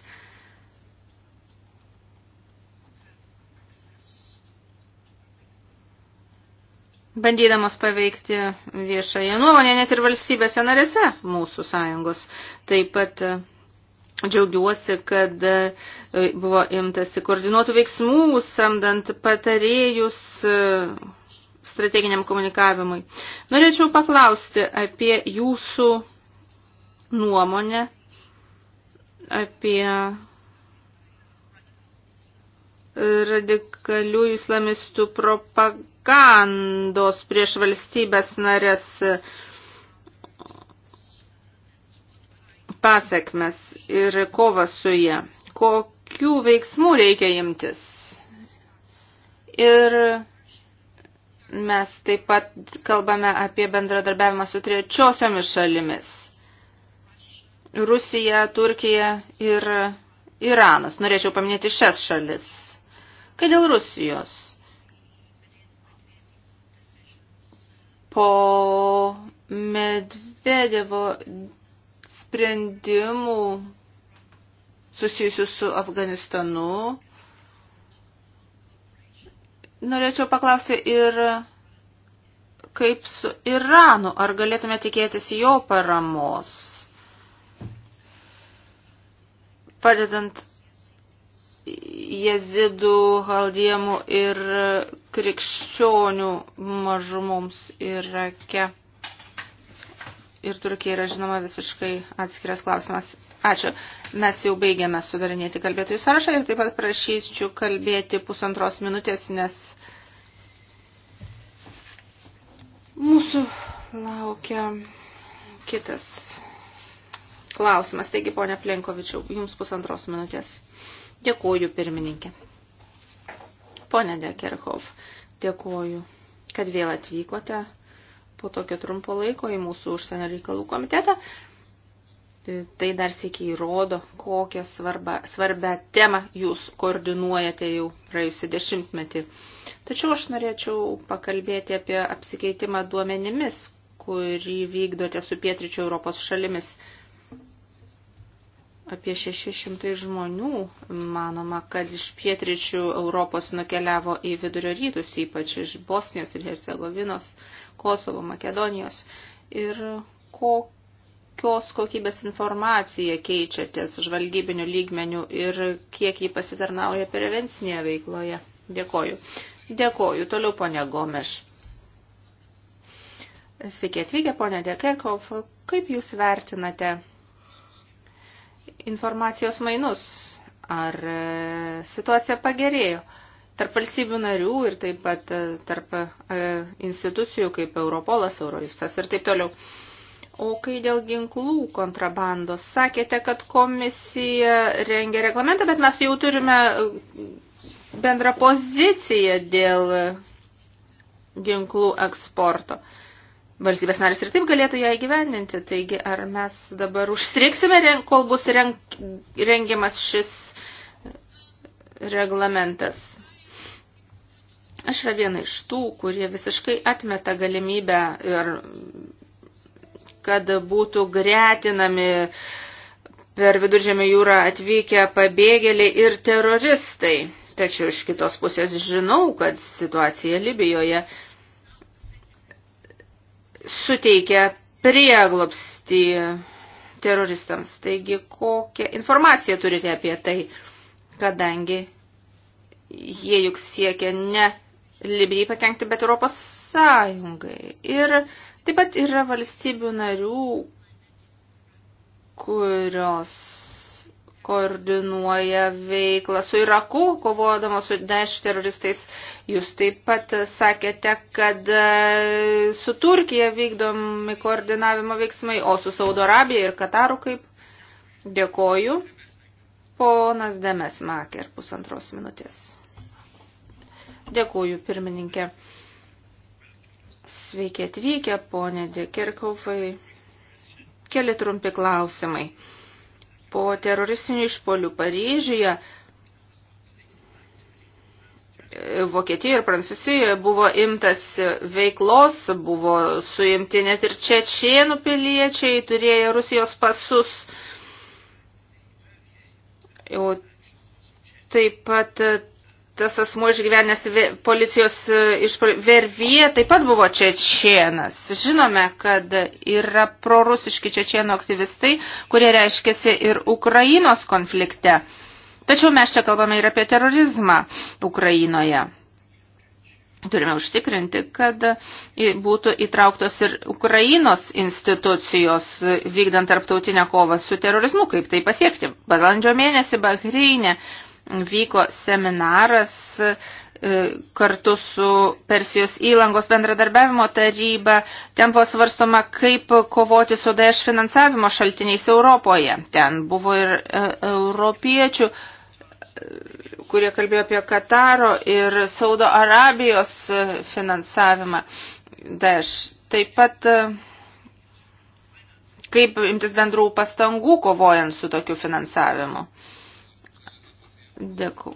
bandydamas paveikti viešąją nuomonę net ir valstybėse narėse mūsų sąjungos. Taip pat e, džiaugiuosi, kad e, buvo imtasi koordinuotų veiksmų, samdant patarėjus e, strateginiam komunikavimui. Norėčiau paklausti apie jūsų nuomonę, apie radikalių islamistų propagandą propagandos prieš valstybės narės pasiekmes ir kovą su jie. Kokių veiksmų reikia imtis? Ir mes taip pat kalbame apie bendradarbiavimą su trečiosiomis šalimis. Rusija, Turkija ir Iranas. Norėčiau paminėti šias šalis. Kai dėl Rusijos? Po Medvedevo sprendimų susijusių su Afganistanu norėčiau paklausti ir kaip su Iranu, ar galėtume tikėtis jo paramos, padedant jezidų, haldiemų ir krikščionių mažumoms Irake. Ir Turkija yra žinoma visiškai atskiras klausimas. Ačiū. Mes jau baigiame sudarinėti kalbėtojų sąrašą ir taip pat prašyčiau kalbėti pusantros minutės, nes mūsų laukia kitas klausimas. Taigi, ponia Plenkovičiau, jums pusantros minutės. Dėkuoju, pirmininkė. Pone Dekerhov, dėkuoju, kad vėl atvykote po tokio trumpo laiko į mūsų užsienio reikalų komitetą. Tai dar sėkiai įrodo, kokią svarbą, svarbę temą jūs koordinuojate jau praėjusį dešimtmetį. Tačiau aš norėčiau pakalbėti apie apsikeitimą duomenimis, kurį vykdote su pietričio Europos šalimis – apie 600 žmonių, manoma, kad iš pietričių Europos nukeliavo į vidurio rytus, ypač iš Bosnijos ir Hercegovinos, Kosovo, Makedonijos. Ir kokios kokybės informaciją keičiatės žvalgybinių lygmenių ir kiek jį pasitarnauja prevencinėje veikloje? Dėkoju. Dėkoju. Toliau ponė Gomeš. Sveiki atvykę, ponė Dekerkov. Kaip jūs vertinate informacijos mainus? Ar e, situacija pagerėjo tarp valstybių narių ir taip pat e, tarp e, institucijų kaip Europolas, Eurojustas ir taip toliau? O kai dėl ginklų kontrabandos, sakėte, kad komisija rengia reglamentą, bet mes jau turime bendrą poziciją dėl ginklų eksporto valstybės narės ir taip galėtų ją įgyvendinti. Taigi, ar mes dabar užstriksime, kol bus renk, rengiamas šis reglamentas? Aš yra viena iš tų, kurie visiškai atmeta galimybę ir kad būtų gretinami per viduržėmio jūrą atvykę pabėgėliai ir teroristai. Tačiau iš kitos pusės žinau, kad situacija Libijoje suteikia prieglobstį teroristams. Taigi, kokią informaciją turite apie tai, kadangi jie juk siekia ne Libijai pakengti, bet Europos Sąjungai. Ir taip pat yra valstybių narių, kurios koordinuoja veiklą su Iraku, kovodama su Daesh teroristais. Jūs taip pat sakėte, kad e, su Turkija vykdomi koordinavimo veiksmai, o su Saudo Arabija ir Kataru kaip. Dėkoju. Ponas Demes Maker, pusantros minutės. Dėkoju, pirmininkė. Sveiki atvykę, ponė Dekirkaufai. Keli trumpi klausimai po teroristinių išpolių Paryžiuje, Vokietijoje ir Prancūzijoje buvo imtas veiklos, buvo suimti net ir čečienų piliečiai, turėjo Rusijos pasus. O taip pat tas asmuo išgyvenęs policijos e, iš Vervyje taip pat buvo čečienas. Žinome, kad yra prorusiški čečienų aktyvistai, kurie reiškėsi ir Ukrainos konflikte. Tačiau mes čia kalbame ir apie terorizmą Ukrainoje. Turime užtikrinti, kad būtų įtrauktos ir Ukrainos institucijos e, vykdant tarptautinę kovą su terorizmu, kaip tai pasiekti. Balandžio mėnesį Bahreinė vyko seminaras e, kartu su Persijos įlangos bendradarbiavimo taryba. Ten buvo svarstoma, kaip kovoti su DAEŠ finansavimo šaltiniais Europoje. Ten buvo ir e, europiečių, e, kurie kalbėjo apie Kataro ir Saudo Arabijos finansavimą DAEŠ. Taip pat kaip imtis bendrų pastangų kovojant su tokiu finansavimu. Dėkau.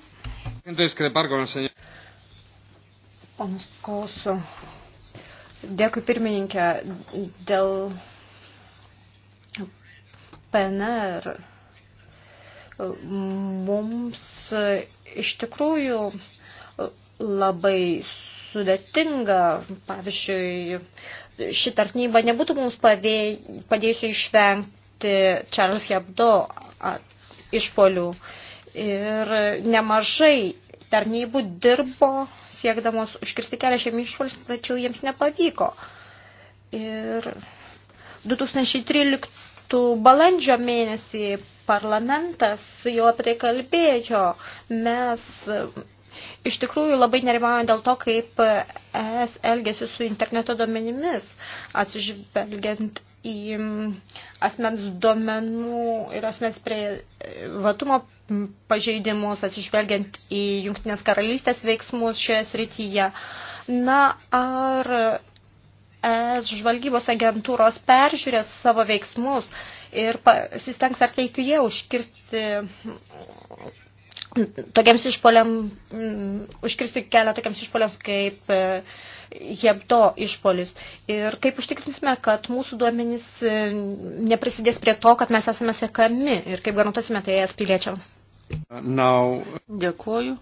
Panas Kosu. Dėkui pirmininkė dėl PNR. Mums iš tikrųjų labai sudėtinga, pavyzdžiui, ši tarnyba nebūtų mums padėjusi išvengti Charles Hebdo išpolių. At, ir nemažai tarnybų dirbo siekdamos užkirsti kelią šiem išvalis, tačiau jiems nepavyko. Ir 2013 balandžio mėnesį parlamentas jau apie tai kalbėjo. Mes Iš tikrųjų labai nerimaujam dėl to, kaip ES elgesi su interneto duomenimis, atsižvelgiant į asmens duomenų ir asmens privatumo pažeidimus, atsižvelgiant į jungtinės karalystės veiksmus šioje srityje. Na, ar ES žvalgybos agentūros peržiūrės savo veiksmus ir pasistengs ateityje užkirsti tokiems išpoliam, mm, užkirsti kelią tokiems išpoliams kaip Jebdo e, išpolis. Ir kaip užtikrinsime, kad mūsų duomenys e, neprisidės prie to, kad mes esame sekami ir kaip garantuosime tai es piliečiams. Now. Dėkuoju.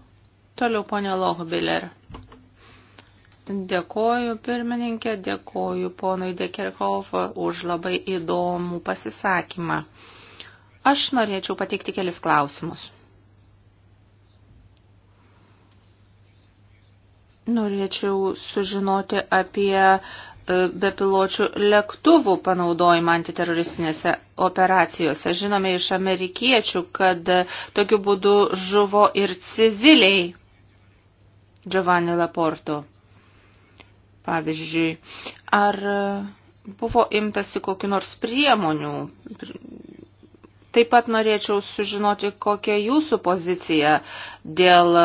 Toliau ponia Lohbiller. Dėkoju pirmininkė, dėkoju ponui Dekerhoff už labai įdomų pasisakymą. Aš norėčiau pateikti kelis klausimus. Norėčiau sužinoti apie e, bepiločių lėktuvų panaudojimą antiteroristinėse operacijose. Žinome iš amerikiečių, kad e, tokiu būdu žuvo ir civiliai Giovanni Laporto. Pavyzdžiui, ar e, buvo imtasi kokiu nors priemonių? Taip pat norėčiau sužinoti, kokia jūsų pozicija dėl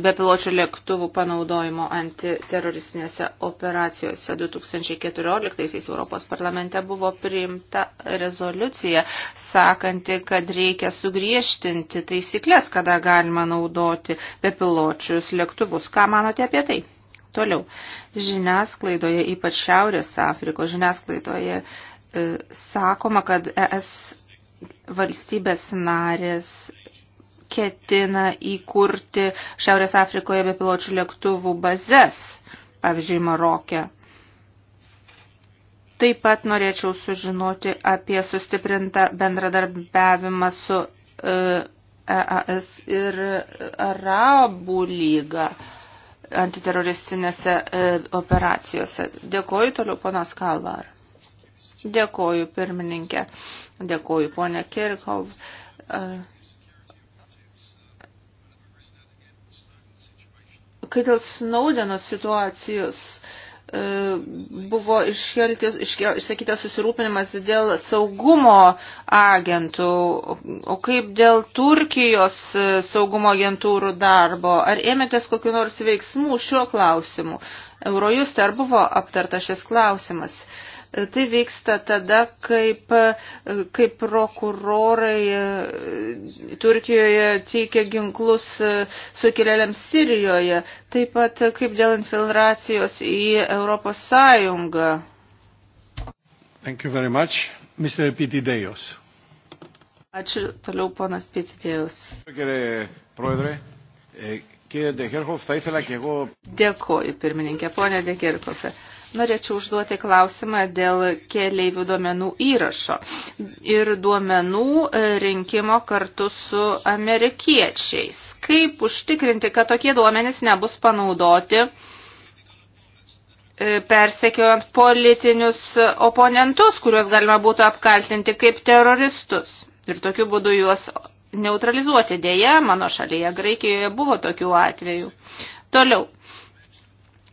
bepiločių lėktuvų panaudojimo antiteroristinėse operacijose. 2014-aisiais Europos parlamente buvo priimta rezoliucija, sakanti, kad reikia sugriežtinti taisyklės, kada galima naudoti bepiločius lėktuvus. Ką manote apie tai? Toliau. Žiniasklaidoje, ypač Šiaurės Afrikos žiniasklaidoje, e, sakoma, kad ES valstybės narės ketina įkurti Šiaurės Afrikoje bepiločių lėktuvų bazes, pavyzdžiui, Marokė. Taip pat norėčiau sužinoti apie sustiprintą bendradarbiavimą su EAS e ir Arabų lyga antiteroristinėse e, operacijose. Dėkoju toliau, ponas Kalvar. Dėkoju, pirmininkė. Dėkoju, ponė Kirchhoff e, Kai dėl Snaudeno situacijos e, buvo iškeltis, iškel, išsakytas susirūpinimas dėl saugumo agentų, o kaip dėl Turkijos e, saugumo agentūrų darbo, ar ėmėtės kokiu nors veiksmų šiuo klausimu? Eurojuste ar buvo aptarta šis klausimas? Uh, Tai vyksta tada, kaip, kaip prokurorai e, Turkijoje teikia ginklus e, sukilėliams Sirijoje, taip pat e, kaip dėl infiltracijos į Europos Sąjungą. Thank you very much. Mr. Pitidėjos. Ačiū toliau ponas Pitidėjos. Dėkoju, pirmininkė, ponė Dekirkofė. Norėčiau užduoti klausimą dėl keliaivių duomenų įrašo ir duomenų e, rinkimo kartu su amerikiečiais. Kaip užtikrinti, kad tokie duomenys nebus panaudoti e, persekiojant politinius oponentus, kuriuos galima būtų apkaltinti kaip teroristus ir tokiu būdu juos neutralizuoti. Dėja, mano šalyje Graikijoje buvo tokių atvejų. Toliau,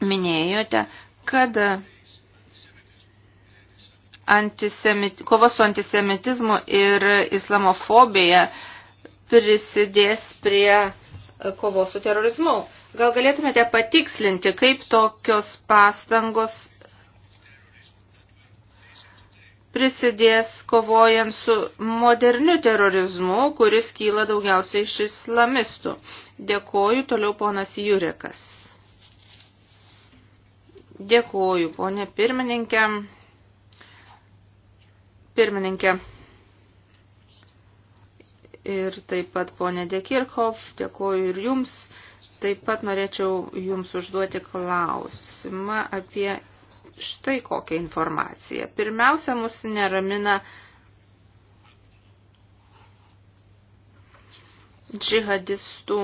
minėjote, kad antisemit, kova su antisemitizmu ir islamofobija prisidės prie kovos su terorizmu. Gal galėtumėte patikslinti, kaip tokios pastangos prisidės kovojant su moderniu terorizmu, kuris kyla daugiausiai iš islamistų. Dėkoju toliau ponas Jurekas. Dėkuoju, ponė pirmininkė. Pirmininkė. Ir taip pat ponė Dekirchov, dėkuoju ir jums. Taip pat norėčiau jums užduoti klausimą apie štai kokią informaciją. Pirmiausia, mus neramina džihadistų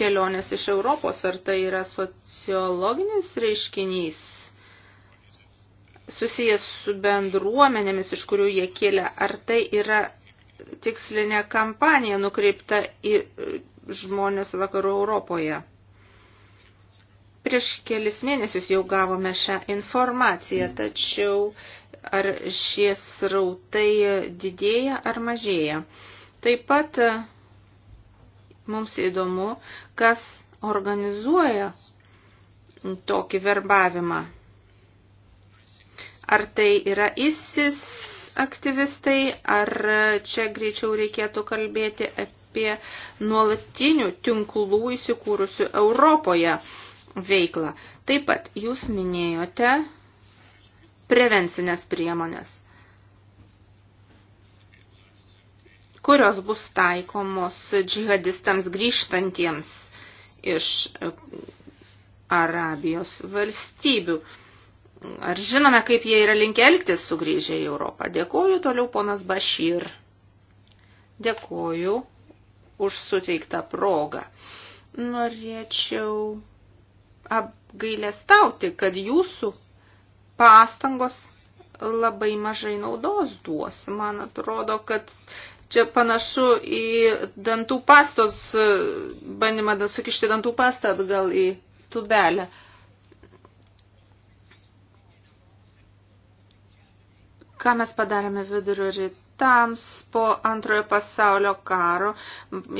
kelionės iš Europos, ar tai yra sociologinis reiškinys susijęs su bendruomenėmis, iš kurių jie kilia, ar tai yra tikslinė kampanija nukreipta į žmonės vakarų Europoje. Prieš kelis mėnesius jau gavome šią informaciją, tačiau ar šie srautai didėja ar mažėja. Taip pat Mums įdomu, kas organizuoja tokį verbavimą. Ar tai yra ISIS aktyvistai, ar čia greičiau reikėtų kalbėti apie nuolatinių tinklų įsikūrusių Europoje veiklą. Taip pat jūs minėjote prevencinės priemonės. kurios bus taikomos džihadistams grįžtantiems iš e, Arabijos valstybių. Ar žinome, kaip jie yra linkę elgtis sugrįžę į Europą? Dėkoju toliau ponas Bašyr. Dėkoju už suteiktą progą. Norėčiau apgailestauti, kad jūsų pastangos labai mažai naudos duos. Man atrodo, kad Čia panašu į dantų pastos, e, bandymą sukišti dantų pastą atgal į tubelę. Ką mes padarėme vidurio rytams po antrojo pasaulio karo,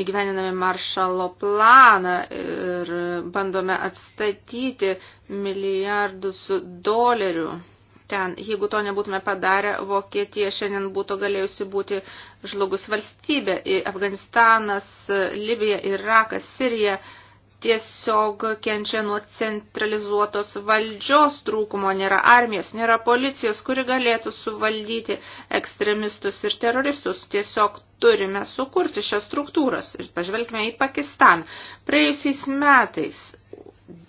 įgyveniname maršalo planą ir bandome atstatyti milijardus dolerių ten. Jeigu to nebūtume padarę, Vokietija šiandien būtų galėjusi būti žlugus valstybė. Afganistanas, Libija, Irakas, Sirija tiesiog kenčia nuo centralizuotos valdžios trūkumo, nėra armijos, nėra policijos, kuri galėtų suvaldyti ekstremistus ir teroristus. Tiesiog turime sukurti šias struktūras ir pažvelgime į Pakistaną. Praėjusiais metais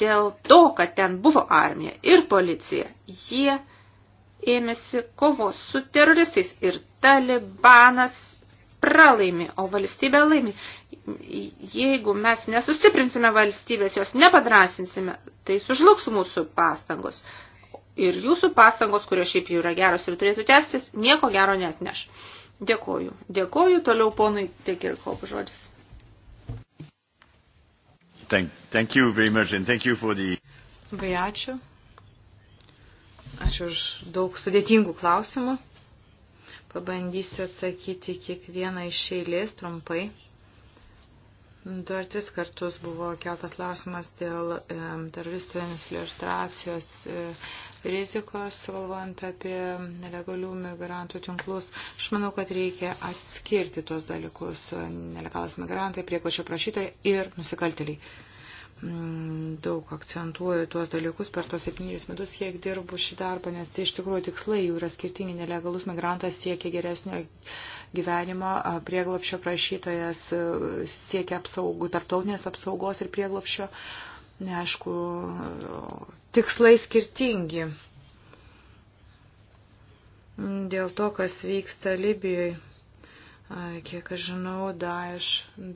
dėl to, kad ten buvo armija ir policija, jie ėmėsi kovos su teroristais ir talibanas pralaimi, o valstybė laimi. Jeigu mes nesustiprinsime valstybės, jos nepadrasinsime, tai sužlugs mūsų pastangos. Ir jūsų pastangos, kurios šiaip jau yra geros ir turėtų tęstis, nieko gero net neš. Dėkoju. Dėkoju. Toliau ponui Tekirkop žodis. Thank, thank you very much and thank you for the... Labai ačiū. Ačiū už daug sudėtingų klausimų. Pabandysiu atsakyti kiekvieną iš eilės trumpai. Du ar tris kartus buvo keltas klausimas dėl e, teroristų infiltracijos e, rizikos, galvojant apie nelegalių migrantų tinklus. Aš manau, kad reikia atskirti tos dalykus - nelegalas migrantai, priekločio prašytojai ir nusikaltėliai. E, Mm, daug akcentuoju tuos dalykus per tuos septynius metus, kiek dirbu šį darbą, nes tai iš tikrųjų tikslai jų yra skirtingi. Nelegalus migrantas siekia geresnio gyvenimo, prieglopšio prašytojas siekia apsaugų, tarptautinės apsaugos ir prieglopšio. Neaišku, tikslai skirtingi. Dėl to, kas vyksta Libijoje Kiek aš žinau, Daesh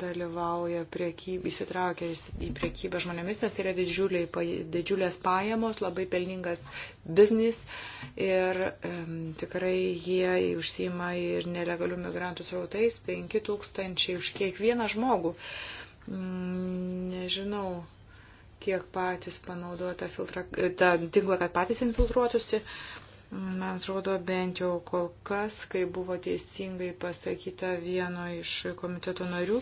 dalyvauja priekybą, įsitraukia į priekybą žmonėmis, nes yra didžiuliai, didžiulės pajamos, labai pelningas biznis ir um, tikrai jie užsima ir nelegalių migrantų srautais 5000 už kiekvieną žmogų. Mm, nežinau, kiek patys panaudoja tą, filtrą, tą tinklą, kad patys infiltruotųsi. Um, Man atrodo, bent jau kol kas, kai buvo teisingai pasakyta vieno iš komiteto narių,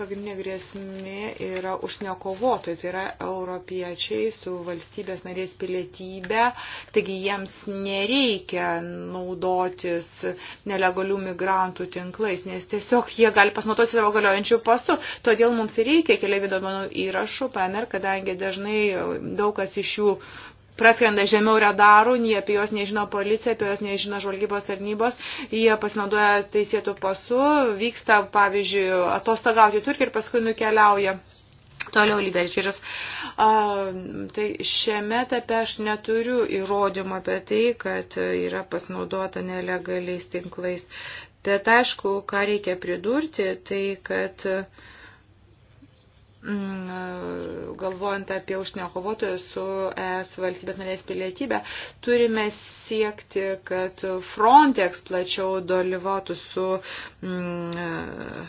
pagrindinė grėsmė yra užsienio kovotojai, tai yra europiečiai su valstybės narės pilietybė, taigi jiems nereikia naudotis nelegalių migrantų tinklais, nes tiesiog jie gali pasinaudoti savo galiojančių pasų, todėl mums reikia keliavių duomenų įrašų, PNR, kadangi dažnai daug kas iš jų uh, praskrenda žemiau radarų, nie apie juos nežino policija, apie juos nežino žvalgybos tarnybos, jie pasinaudoja teisėtų pasu, vyksta, pavyzdžiui, atostogauti į Turkiją ir paskui nukeliauja. Toliau Liberčiarius. Tai šiame etape aš neturiu įrodymą apie tai, kad yra pasinaudota nelegaliais tinklais. Bet aišku, ką reikia pridurti, tai kad uh, Mm, galvojant apie užsienio kovotojus su ES valstybės narės pilietybė, turime siekti, kad Frontex plačiau dalyvautų su mm,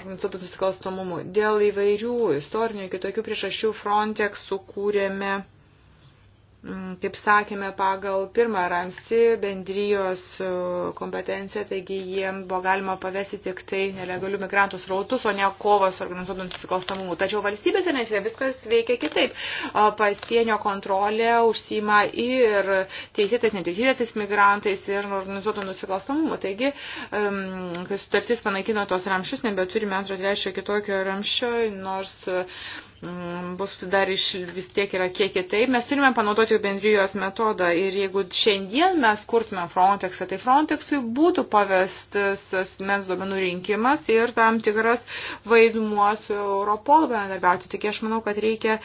organizuotų nusikalstamumu. Dėl įvairių istorinių kitokių priežasčių Frontex sukūrėme Mm, kaip sakėme, pagal pirmą ramstį bendrijos e, kompetenciją, taigi jiem buvo galima pavesti tik tai nelegalių migrantų srautus, o ne kovas organizuotų nusikalstamumų. Tačiau valstybėse nesė viskas veikia kitaip. Pasienio kontrolė užsima ir teisėtais, neteisėtais migrantais ir organizuotų nusikalstamumų. Taigi, kai sutartis panaikino tos ramščius, nebeturime antro, trečio, kitokio ramščio, nors Mm, bus dar iš vis tiek yra kiek kitaip. Mes turime panaudoti bendrijos metodą ir jeigu šiandien mes kurtume Frontexą, tai Frontexui būtų pavestas asmens duomenų rinkimas ir tam tikras vaidmuo su Europol bendarbiauti. Tik aš manau, kad reikia,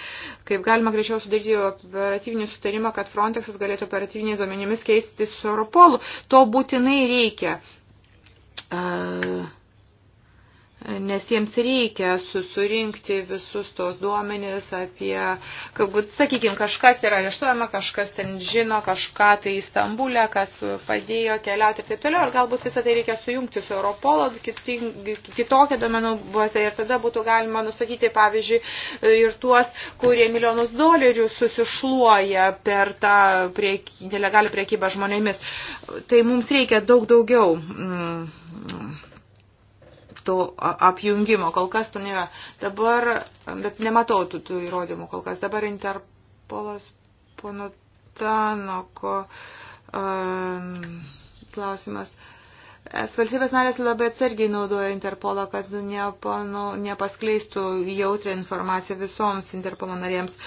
kaip galima greičiau sudaryti operatyvinį sutarimą, kad Frontexas galėtų operatyviniais duomenimis keistis su Europolu. To būtinai reikia. Uh nes jiems reikia susurinkti visus tos duomenis apie, galbūt, sakykime, kažkas yra areštuojama, kažkas ten žino, kažką tai Stambulė, kas padėjo keliauti ir taip toliau, ir galbūt visą tai reikia sujungti su Europolo, kitokią domenų bazę, ir tada būtų galima nusakyti, pavyzdžiui, ir tuos, kurie milijonus dolerių susišluoja per tą prie, nelegalią priekybą žmonėmis. Tai mums reikia daug daugiau. Mm, mm faktų apjungimo. Kol kas to nėra. Dabar, bet nematau tų, tų įrodymų kol kas. Dabar Interpolas pono Tanoko um, klausimas. Es valstybės narės labai atsargiai naudoja Interpolą, kad nepanu, nepaskleistų jautrę informaciją visoms Interpolo narėms.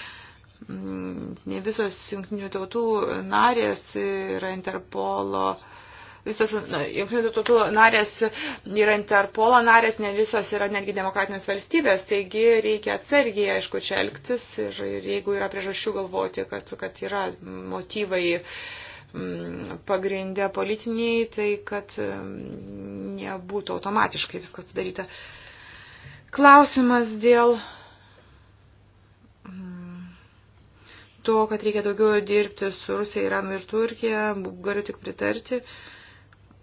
Mm, ne visos jungtinių tautų narės yra Interpolo uh, visos nu, jungtinių tautų narės yra Interpolo narės, ne visos yra netgi demokratinės valstybės, taigi reikia atsargiai, aišku, čia elgtis ir, ir jeigu yra priežasčių galvoti, kad, kad yra motyvai mm, pagrindę politiniai, tai kad mm, nebūtų automatiškai viskas padaryta. Klausimas dėl mm, to, kad reikia daugiau dirbti su Rusija, Iranu ir Turkija, galiu tik pritarti. Uh,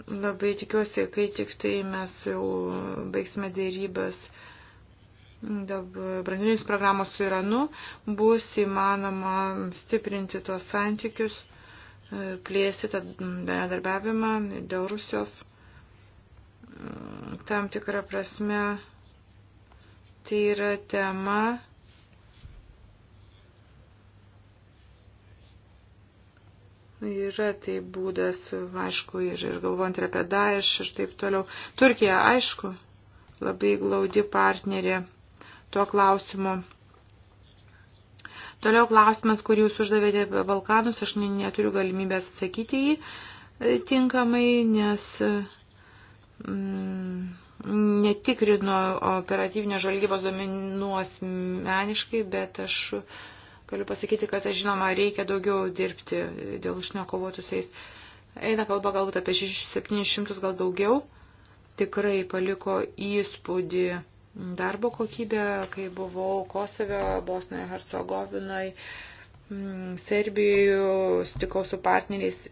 Labai tikiuosi, kai tik tai mes jau baigsime dėrybas dėl branduolinės programos su Iranu, bus įmanoma stiprinti tuos santykius, plėsti tą bendradarbiavimą dėl Rusijos. Tam tikrą prasme tai yra tema Yra tai būdas, aišku, ir, ir galvojant ir apie Daesh ir taip toliau. Turkija, aišku, labai glaudi partnerė tuo klausimu. Toliau klausimas, kurį jūs uždavėte apie Balkanus, aš neturiu galimybės atsakyti jį e, tinkamai, nes mm, netikrinu operatyvinės žvalgybos domenų asmeniškai, bet aš mm, galiu pasakyti, kad, žinoma, reikia daugiau dirbti dėl užsienio kovotų su jais. Eina kalba galbūt apie 700, gal daugiau. Tikrai paliko įspūdį darbo kokybė, kai buvau Kosove, Bosnoje, Hercegovinoje, Serbijoje, sutikau su partneriais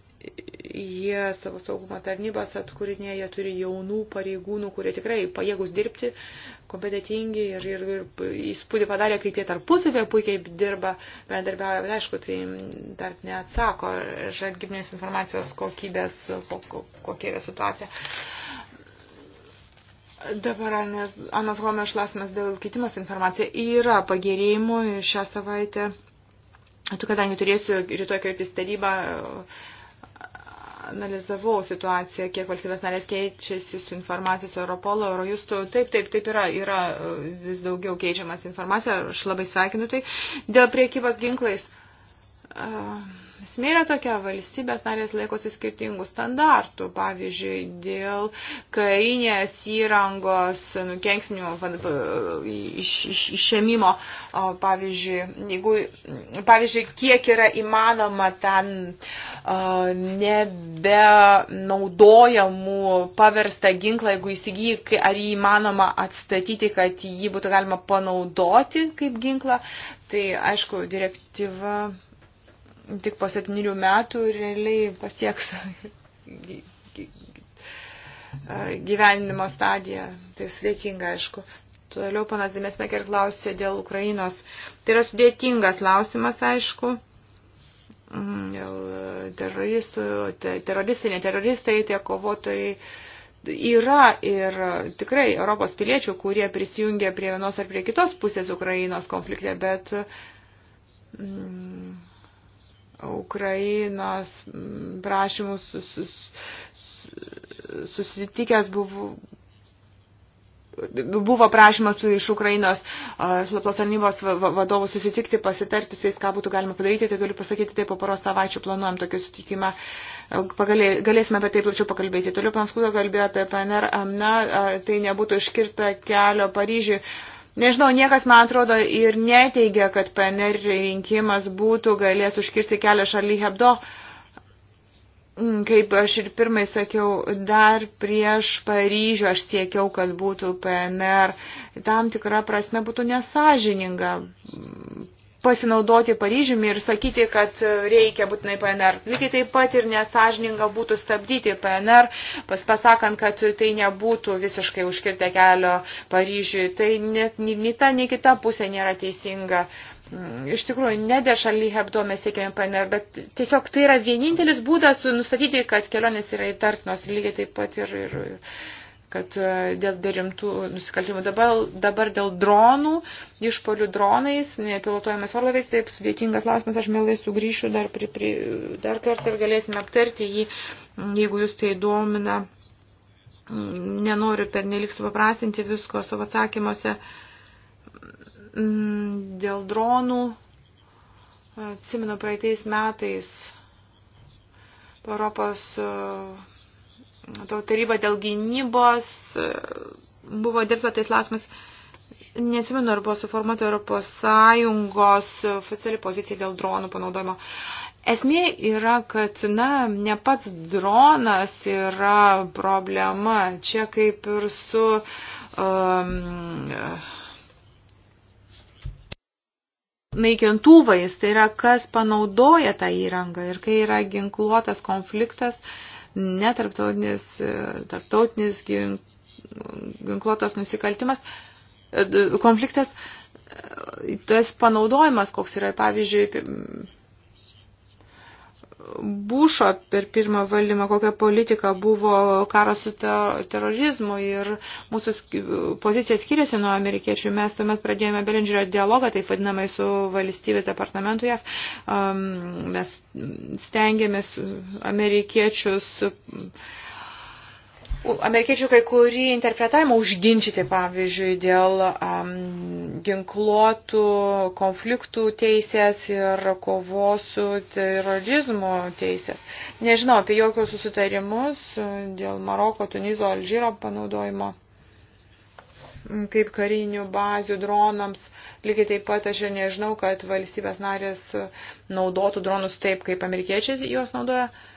jie savo saugumo tarnybas atkūrinėje, jie turi jaunų pareigūnų, kurie tikrai pajėgus dirbti, kompetitingi ir, ir, ir įspūdį padarė, kaip jie tarpusavėje puikiai dirba, bendarbiauja, bet aišku, tai dar neatsako žalgybinės informacijos kokybės, kokia yra situacija. Dabar Anas Homės klausimas dėl keitimas informacija yra pagėrėjimų šią savaitę. Tu, kadangi turėsiu rytoj kreiptis tarybą, uh, analizavau situaciją, kiek valstybės narės keičiasi su informacija su Europolo, Eurojustu. Taip, taip, taip yra, yra e, vis daugiau keičiamas informacija, aš labai sveikinu tai. Dėl priekybos ginklais. Uh, Esmė yra tokia, valstybės narės laikosi skirtingų standartų, pavyzdžiui, dėl karinės įrangos nukenksminimo, išėmimo, iš, pavyzdžiui, jeigu, pavyzdžiui, kiek yra įmanoma ten nebenaudojamų paverstą ginklą, jeigu įsigyji, ar jį įmanoma atstatyti, kad jį būtų galima panaudoti kaip ginklą, tai aišku, direktyva tik po septynių metų realiai pasieks gyvenimo stadiją. Tai sudėtinga, aišku. Toliau panas Dimesmeker klausė dėl Ukrainos. Tai yra sudėtingas klausimas, aišku. Mm, dėl e, teroristų, te, teroristai, ne teroristai, tie kovotojai yra ir tikrai Europos piliečių, kurie prisijungia prie vienos ar prie kitos pusės Ukrainos konflikte, bet mm, Ukrainos mm, prašymus sus, sus, susitikęs buvau. Buvo prašymas iš Ukrainos slaptos tarnybos vadovų susitikti, pasitarti su jais, ką būtų galima padaryti. Tai galiu pasakyti, taip po poros savaičių planuojam tokį sutikimą. E, galėsime apie tai plačiau pakalbėti. Toliau Prancūzija kalbėjo apie PNR. Na, tai nebūtų iškirta kelio Paryžiui Nežinau, niekas, man atrodo, ir neteigia, kad PNR rinkimas būtų galės užkirsti kelią šaly Hebdo. Mm, kaip aš ir pirmai sakiau, dar prieš Paryžių aš siekiau, kad būtų PNR. Tam tikra prasme būtų nesažininga pasinaudoti Paryžiumi ir sakyti, kad reikia būtinai PNR. Lygiai taip pat ir nesažininga būtų stabdyti PNR, pas, pasakant, kad tai nebūtų visiškai užkirtę kelio Paryžiui. Tai net nei ta, nei kita pusė nėra teisinga. Mm, iš tikrųjų, ne dėl šaly hebdo mes siekėme PNR, bet tiesiog tai yra vienintelis būdas nustatyti, kad kelionės yra įtartinos. Lygiai taip pat ir, ir, ir kad e, dėl rimtų nusikaltimų. Dabar, dabar dėl dronų, išpolių dronais, nepilotuojamas orlaviais, taip sudėtingas klausimas, aš mielai sugrįšiu dar, pri, pri, dar kartą ir galėsime aptarti jį, jeigu jūs tai domina. Nenoriu per nelik supaprastinti visko savo atsakymuose. Mm, dėl dronų, atsimenu, praeitais metais Europos taryba dėl gynybos e, buvo dirbta tais lasmas. Neatsimenu, ar buvo suformuota Europos Sąjungos oficiali pozicija dėl dronų panaudojimo. Esmė yra, kad, na, ne pats dronas yra problema. Čia kaip ir su. Um, naikintuvais, tai yra kas panaudoja tą įrangą ir kai yra ginkluotas konfliktas, uh, netarptautinis, e, tarptautinis ginkluotas nusikaltimas, e, konfliktas, e, tas panaudojimas, koks yra, pavyzdžiui, Bušo per pirmą valdymą, kokia politika buvo karas su terorizmu ir mūsų pozicija skiriasi nuo amerikiečių. Mes tuomet pradėjome Belingerio dialogą, taip vadinamai, su valstybės departamentu JAV. Um, mes stengiamės amerikiečius Amerikiečių kai kurį interpretavimą užginčyti, pavyzdžiui, dėl um, ginkluotų konfliktų teisės ir kovos su terorizmu teisės. Nežinau apie jokius susitarimus dėl Maroko, Tunizo, Alžyro panaudojimo kaip karinių bazių dronams. Lygiai taip pat aš ir nežinau, kad valstybės narės naudotų dronus taip, kaip amerikiečiai juos naudoja. Uh,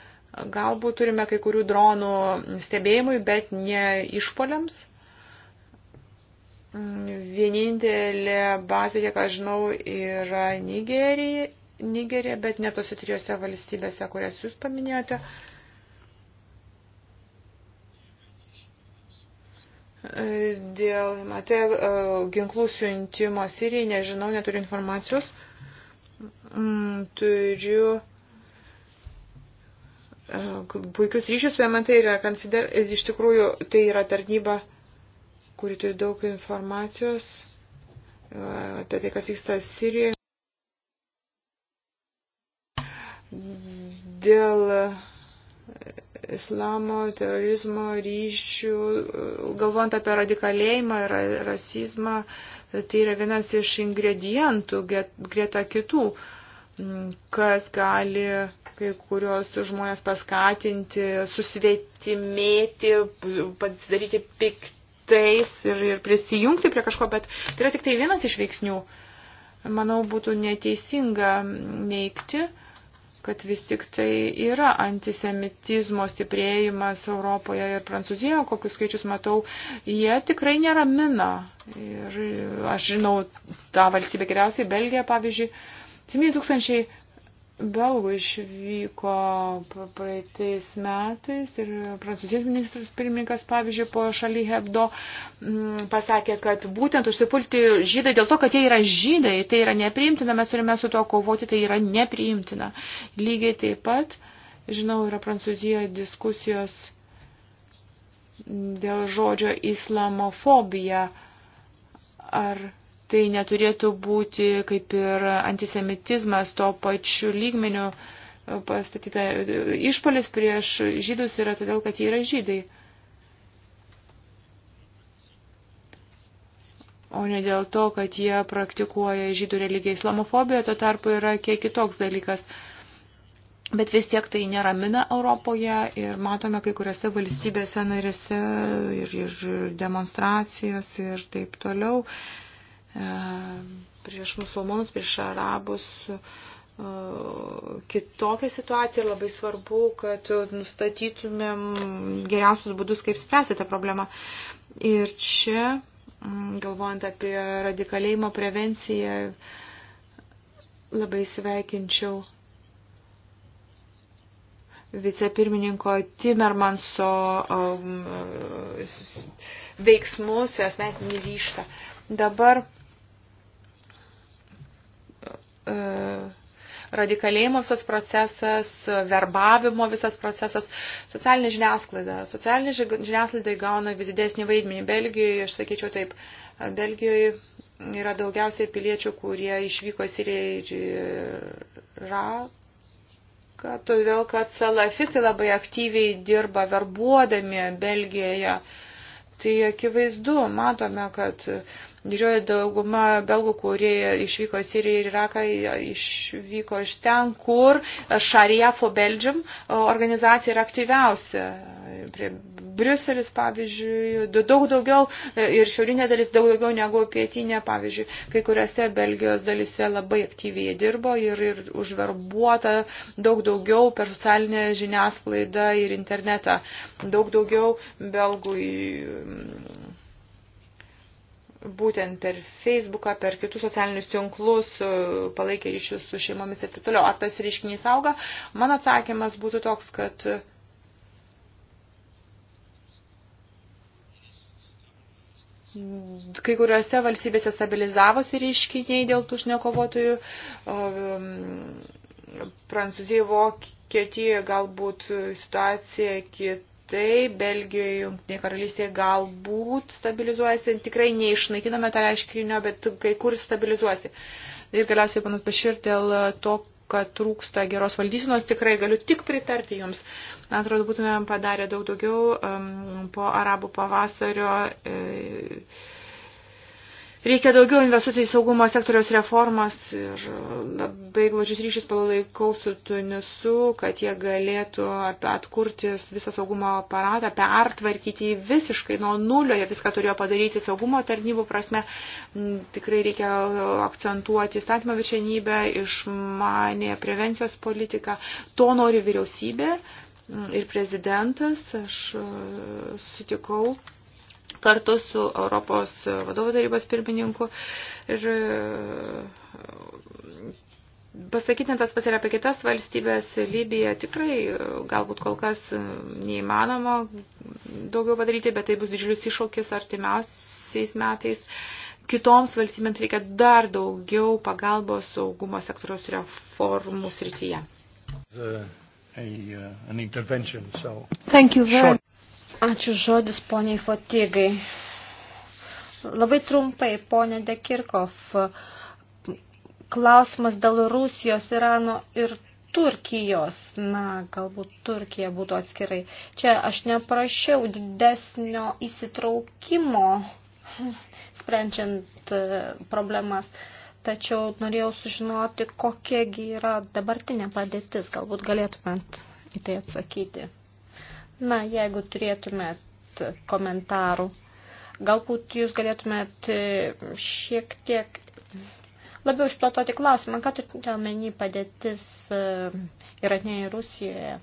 Galbūt turime kai kurių dronų stebėjimui, bet ne išpoliams. Vienintelė bazė, kiek aš žinau, yra Nigerija, Nigerija bet ne tose trijose valstybėse, kurias jūs paminėjote. Dėl, matė, ginklų siuntimo Sirijai, nežinau, neturiu informacijos. Mm, turiu E, puikius ryšius su MNT tai ir konsider... E, iš tikrųjų tai yra tarnyba, kuri turi daug informacijos e, apie tai, kas vyksta Sirijoje. Dėl islamo, terorizmo, ryšių, galvojant apie radikalėjimą ir rasizmą, tai yra vienas iš ingredientų greta kitų, kas gali uh, kai kurios žmonės paskatinti, susvetimėti, pasidaryti piktais ir, ir prisijungti prie kažko, bet tai yra tik tai vienas iš veiksnių. Manau, būtų neteisinga neikti kad vis tik tai yra antisemitizmo stiprėjimas Europoje ir Prancūzijoje, kokius skaičius matau, jie tikrai neramina. Ir aš žinau tą valstybę geriausiai, Belgiją pavyzdžiui, 7000 belgų išvyko praeitais metais ir prancūzijos ministras pirmininkas, pavyzdžiui, po šaly Hebdo m, mm, pasakė, kad būtent užsipulti žydai dėl to, kad jie yra žydai, tai yra nepriimtina, mes turime su tuo kovoti, tai yra nepriimtina. Lygiai taip pat, žinau, yra Prancūzijoje diskusijos dėl žodžio islamofobija. Ar tai neturėtų būti kaip ir antisemitizmas to pačiu lygmeniu pastatyta. Išpolis prieš žydus yra todėl, kad jie yra žydai. O ne dėl to, kad jie praktikuoja žydų religiją. Islamofobija tuo tarpu yra kiek kitoks dalykas. Bet vis tiek tai neramina Europoje ir matome kai kuriuose valstybėse narėse ir, ir demonstracijos ir taip toliau. Uh, E, prieš musulmonus, prieš arabus e, kitokią situaciją ir labai svarbu, kad nustatytumėm geriausius būdus, kaip spręsti tą problemą. Ir čia, galvojant apie radikalėjimo prevenciją, labai sveikinčiau vicepirmininko Timermanso um, veiksmus, asmeninį ryštą. Dabar E, radikalėjimo visas procesas, verbavimo visas procesas, socialinė žiniasklaida. Socialinė žiniasklaida įgauna vis didesnį vaidmenį. Belgijoje, aš sakyčiau taip, Belgijoje yra daugiausiai piliečių, kurie išvyko į Siriją ir Iraką, todėl kad salafistai labai aktyviai dirba verbuodami Belgijoje. Tai akivaizdu, matome, kad Didžioji dauguma belgų, kurie išvyko į Siriją ir Iraką, išvyko iš ten, kur Sharia for Belgium organizacija yra aktyviausia. Prie Briuselis, pavyzdžiui, daug daugiau ir šiaurinė dalis daug daugiau negu pietinė, pavyzdžiui, kai kuriuose Belgijos dalise labai aktyviai dirbo ir, ir užverbuota daug daugiau per socialinę žiniasklaidą ir internetą. Daug daugiau belgų į būtent per Facebooką, per kitus socialinius tinklus e, palaikė ryšius su šeimomis ir taip toliau. Ar tas reiškinys auga? Mano atsakymas būtų toks, kad kai kuriuose valstybėse stabilizavosi reiškiniai dėl tų šnekovotojų. Prancūzijoje, Vokietijoje galbūt situacija kita tai Belgijoje, Junktinėje karalystėje galbūt stabilizuojasi, tikrai neišnaikiname tą reiškinio, bet kai kur stabilizuosi. Ir galiausiai panas Bašir dėl to, kad trūksta geros valdysinos, tikrai galiu tik pritarti jums. Man atrodo, būtumėm padarę daug daugiau um, po arabų pavasario. E, Reikia daugiau investuoti į saugumo sektoriaus reformas ir labai glaudžius ryšius palaikau su Tunisu, kad jie galėtų atkurti visą saugumo aparatą, pertvarkyti visiškai nuo nulio, jie viską turėjo padaryti saugumo tarnybų prasme. Mm, tikrai reikia akcentuoti įstatymą viršenybę, išmanė prevencijos politiką. To nori vyriausybė mm, ir prezidentas. Aš e, sutikau kartu su Europos vadovų tarybos pirmininku. Ir e, pasakyti tas pats ir apie kitas valstybės, Libija tikrai e, galbūt kol kas e, neįmanoma daugiau padaryti, bet tai bus didžiulis iššūkis artimiausiais metais. Kitoms valstybėms reikia dar daugiau pagalbos saugumo sektoriaus reformų srityje. The, a, uh, an intervention, so Thank you very much. Ačiū žodis poniai Fotygai. Labai trumpai, ponė Dekirkov, klausimas dėl Rusijos, Irano ir Turkijos. Na, galbūt Turkija būtų atskirai. Čia aš neprašiau didesnio įsitraukimo, sprendžiant e, problemas, tačiau norėjau sužinoti, kokiegi yra dabartinė padėtis. Galbūt galėtumėt į tai atsakyti. Na, jeigu turėtumėt komentarų, galbūt jūs galėtumėt e, šiek tiek labiau išplatoti klausimą, ką turite omeny padėtis e, Irane ir Rusijoje.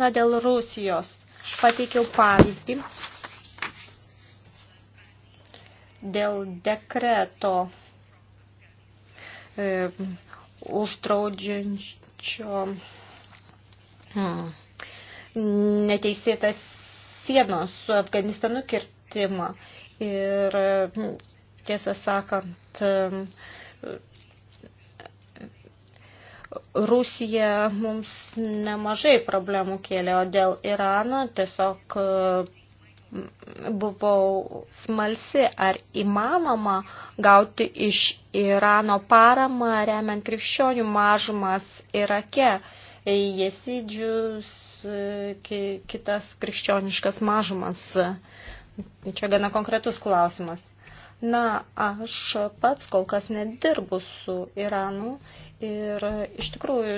Na, dėl Rusijos pateikiau pavyzdį dėl dekreto e, uždraudžiančio hmm, neteisėtas sienos su Afganistanu kirtimą. Ir hmm, tiesą sakant, hmm, Rusija mums nemažai problemų kėlė, o dėl Irano tiesiog hmm, buvau smalsi, ar įmanoma gauti iš Irano paramą remiant krikščionių mažumas Irake, jesidžius, ki, kitas krikščioniškas mažumas. Tai čia gana konkretus klausimas. Na, aš pats kol kas nedirbu su Iranu ir iš tikrųjų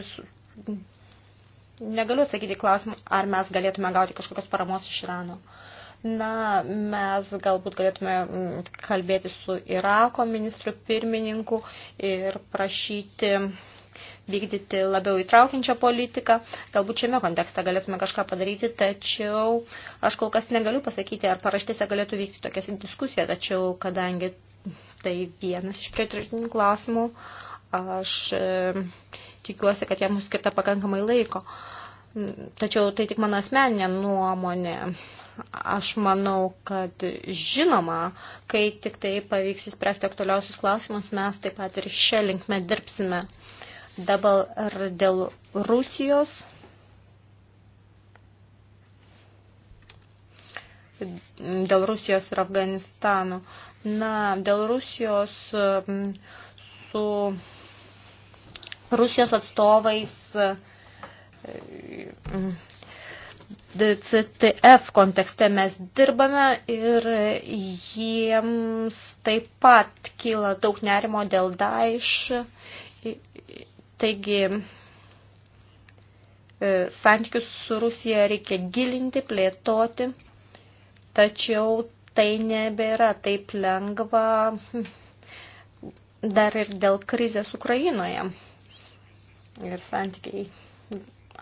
negaliu atsakyti klausimą, ar mes galėtume gauti kažkokios paramos iš Irano. Uh, Na, mes galbūt galėtume mm, kalbėti su Irako ministru pirmininku ir prašyti vykdyti labiau įtraukiančią politiką. Galbūt šiame kontekste galėtume kažką padaryti, tačiau aš kol kas negaliu pasakyti, ar paraštėse galėtų vykti tokia diskusija, tačiau kadangi tai vienas iš prioritetinių klausimų, aš e, tikiuosi, kad jam skirta pakankamai laiko. Tačiau tai tik mano asmeninė nuomonė. Aš manau, kad žinoma, kai tik tai pavyks įspręsti aktualiausius klausimus, mes taip pat ir šią linkmę dirbsime. Dabar dėl Rusijos. Dėl Rusijos ir Afganistano. Na, dėl Rusijos su Rusijos atstovais DCTF kontekste mes dirbame ir jiems taip pat kyla daug nerimo dėl Daesh. Taigi, e, santykius su Rusija reikia gilinti, plėtoti, tačiau tai nebėra taip lengva dar ir dėl krizės Ukrainoje. Ir santykiai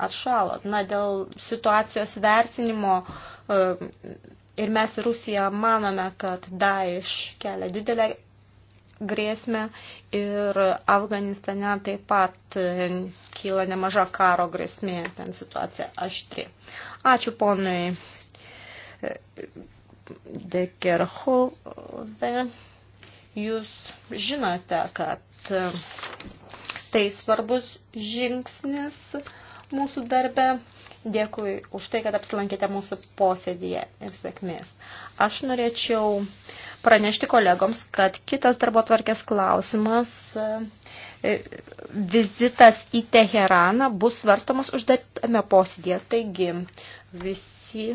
atšalo. Na, dėl situacijos vertinimo e, ir mes Rusija manome, kad Daesh kelia didelę grėsmę ir Afganistane taip pat e, kyla nemaža karo grėsmė, ten situacija aštri. Ačiū ponui e, Dekerhove. Jūs žinote, kad tai svarbus žingsnis mūsų darbe. Dėkui už tai, kad apsilankėte mūsų posėdėje ir sėkmės. Aš norėčiau pranešti kolegoms, kad kitas darbo tvarkės klausimas e, vizitas į Teheraną bus svarstomas uždatame posėdėje. Taigi visi.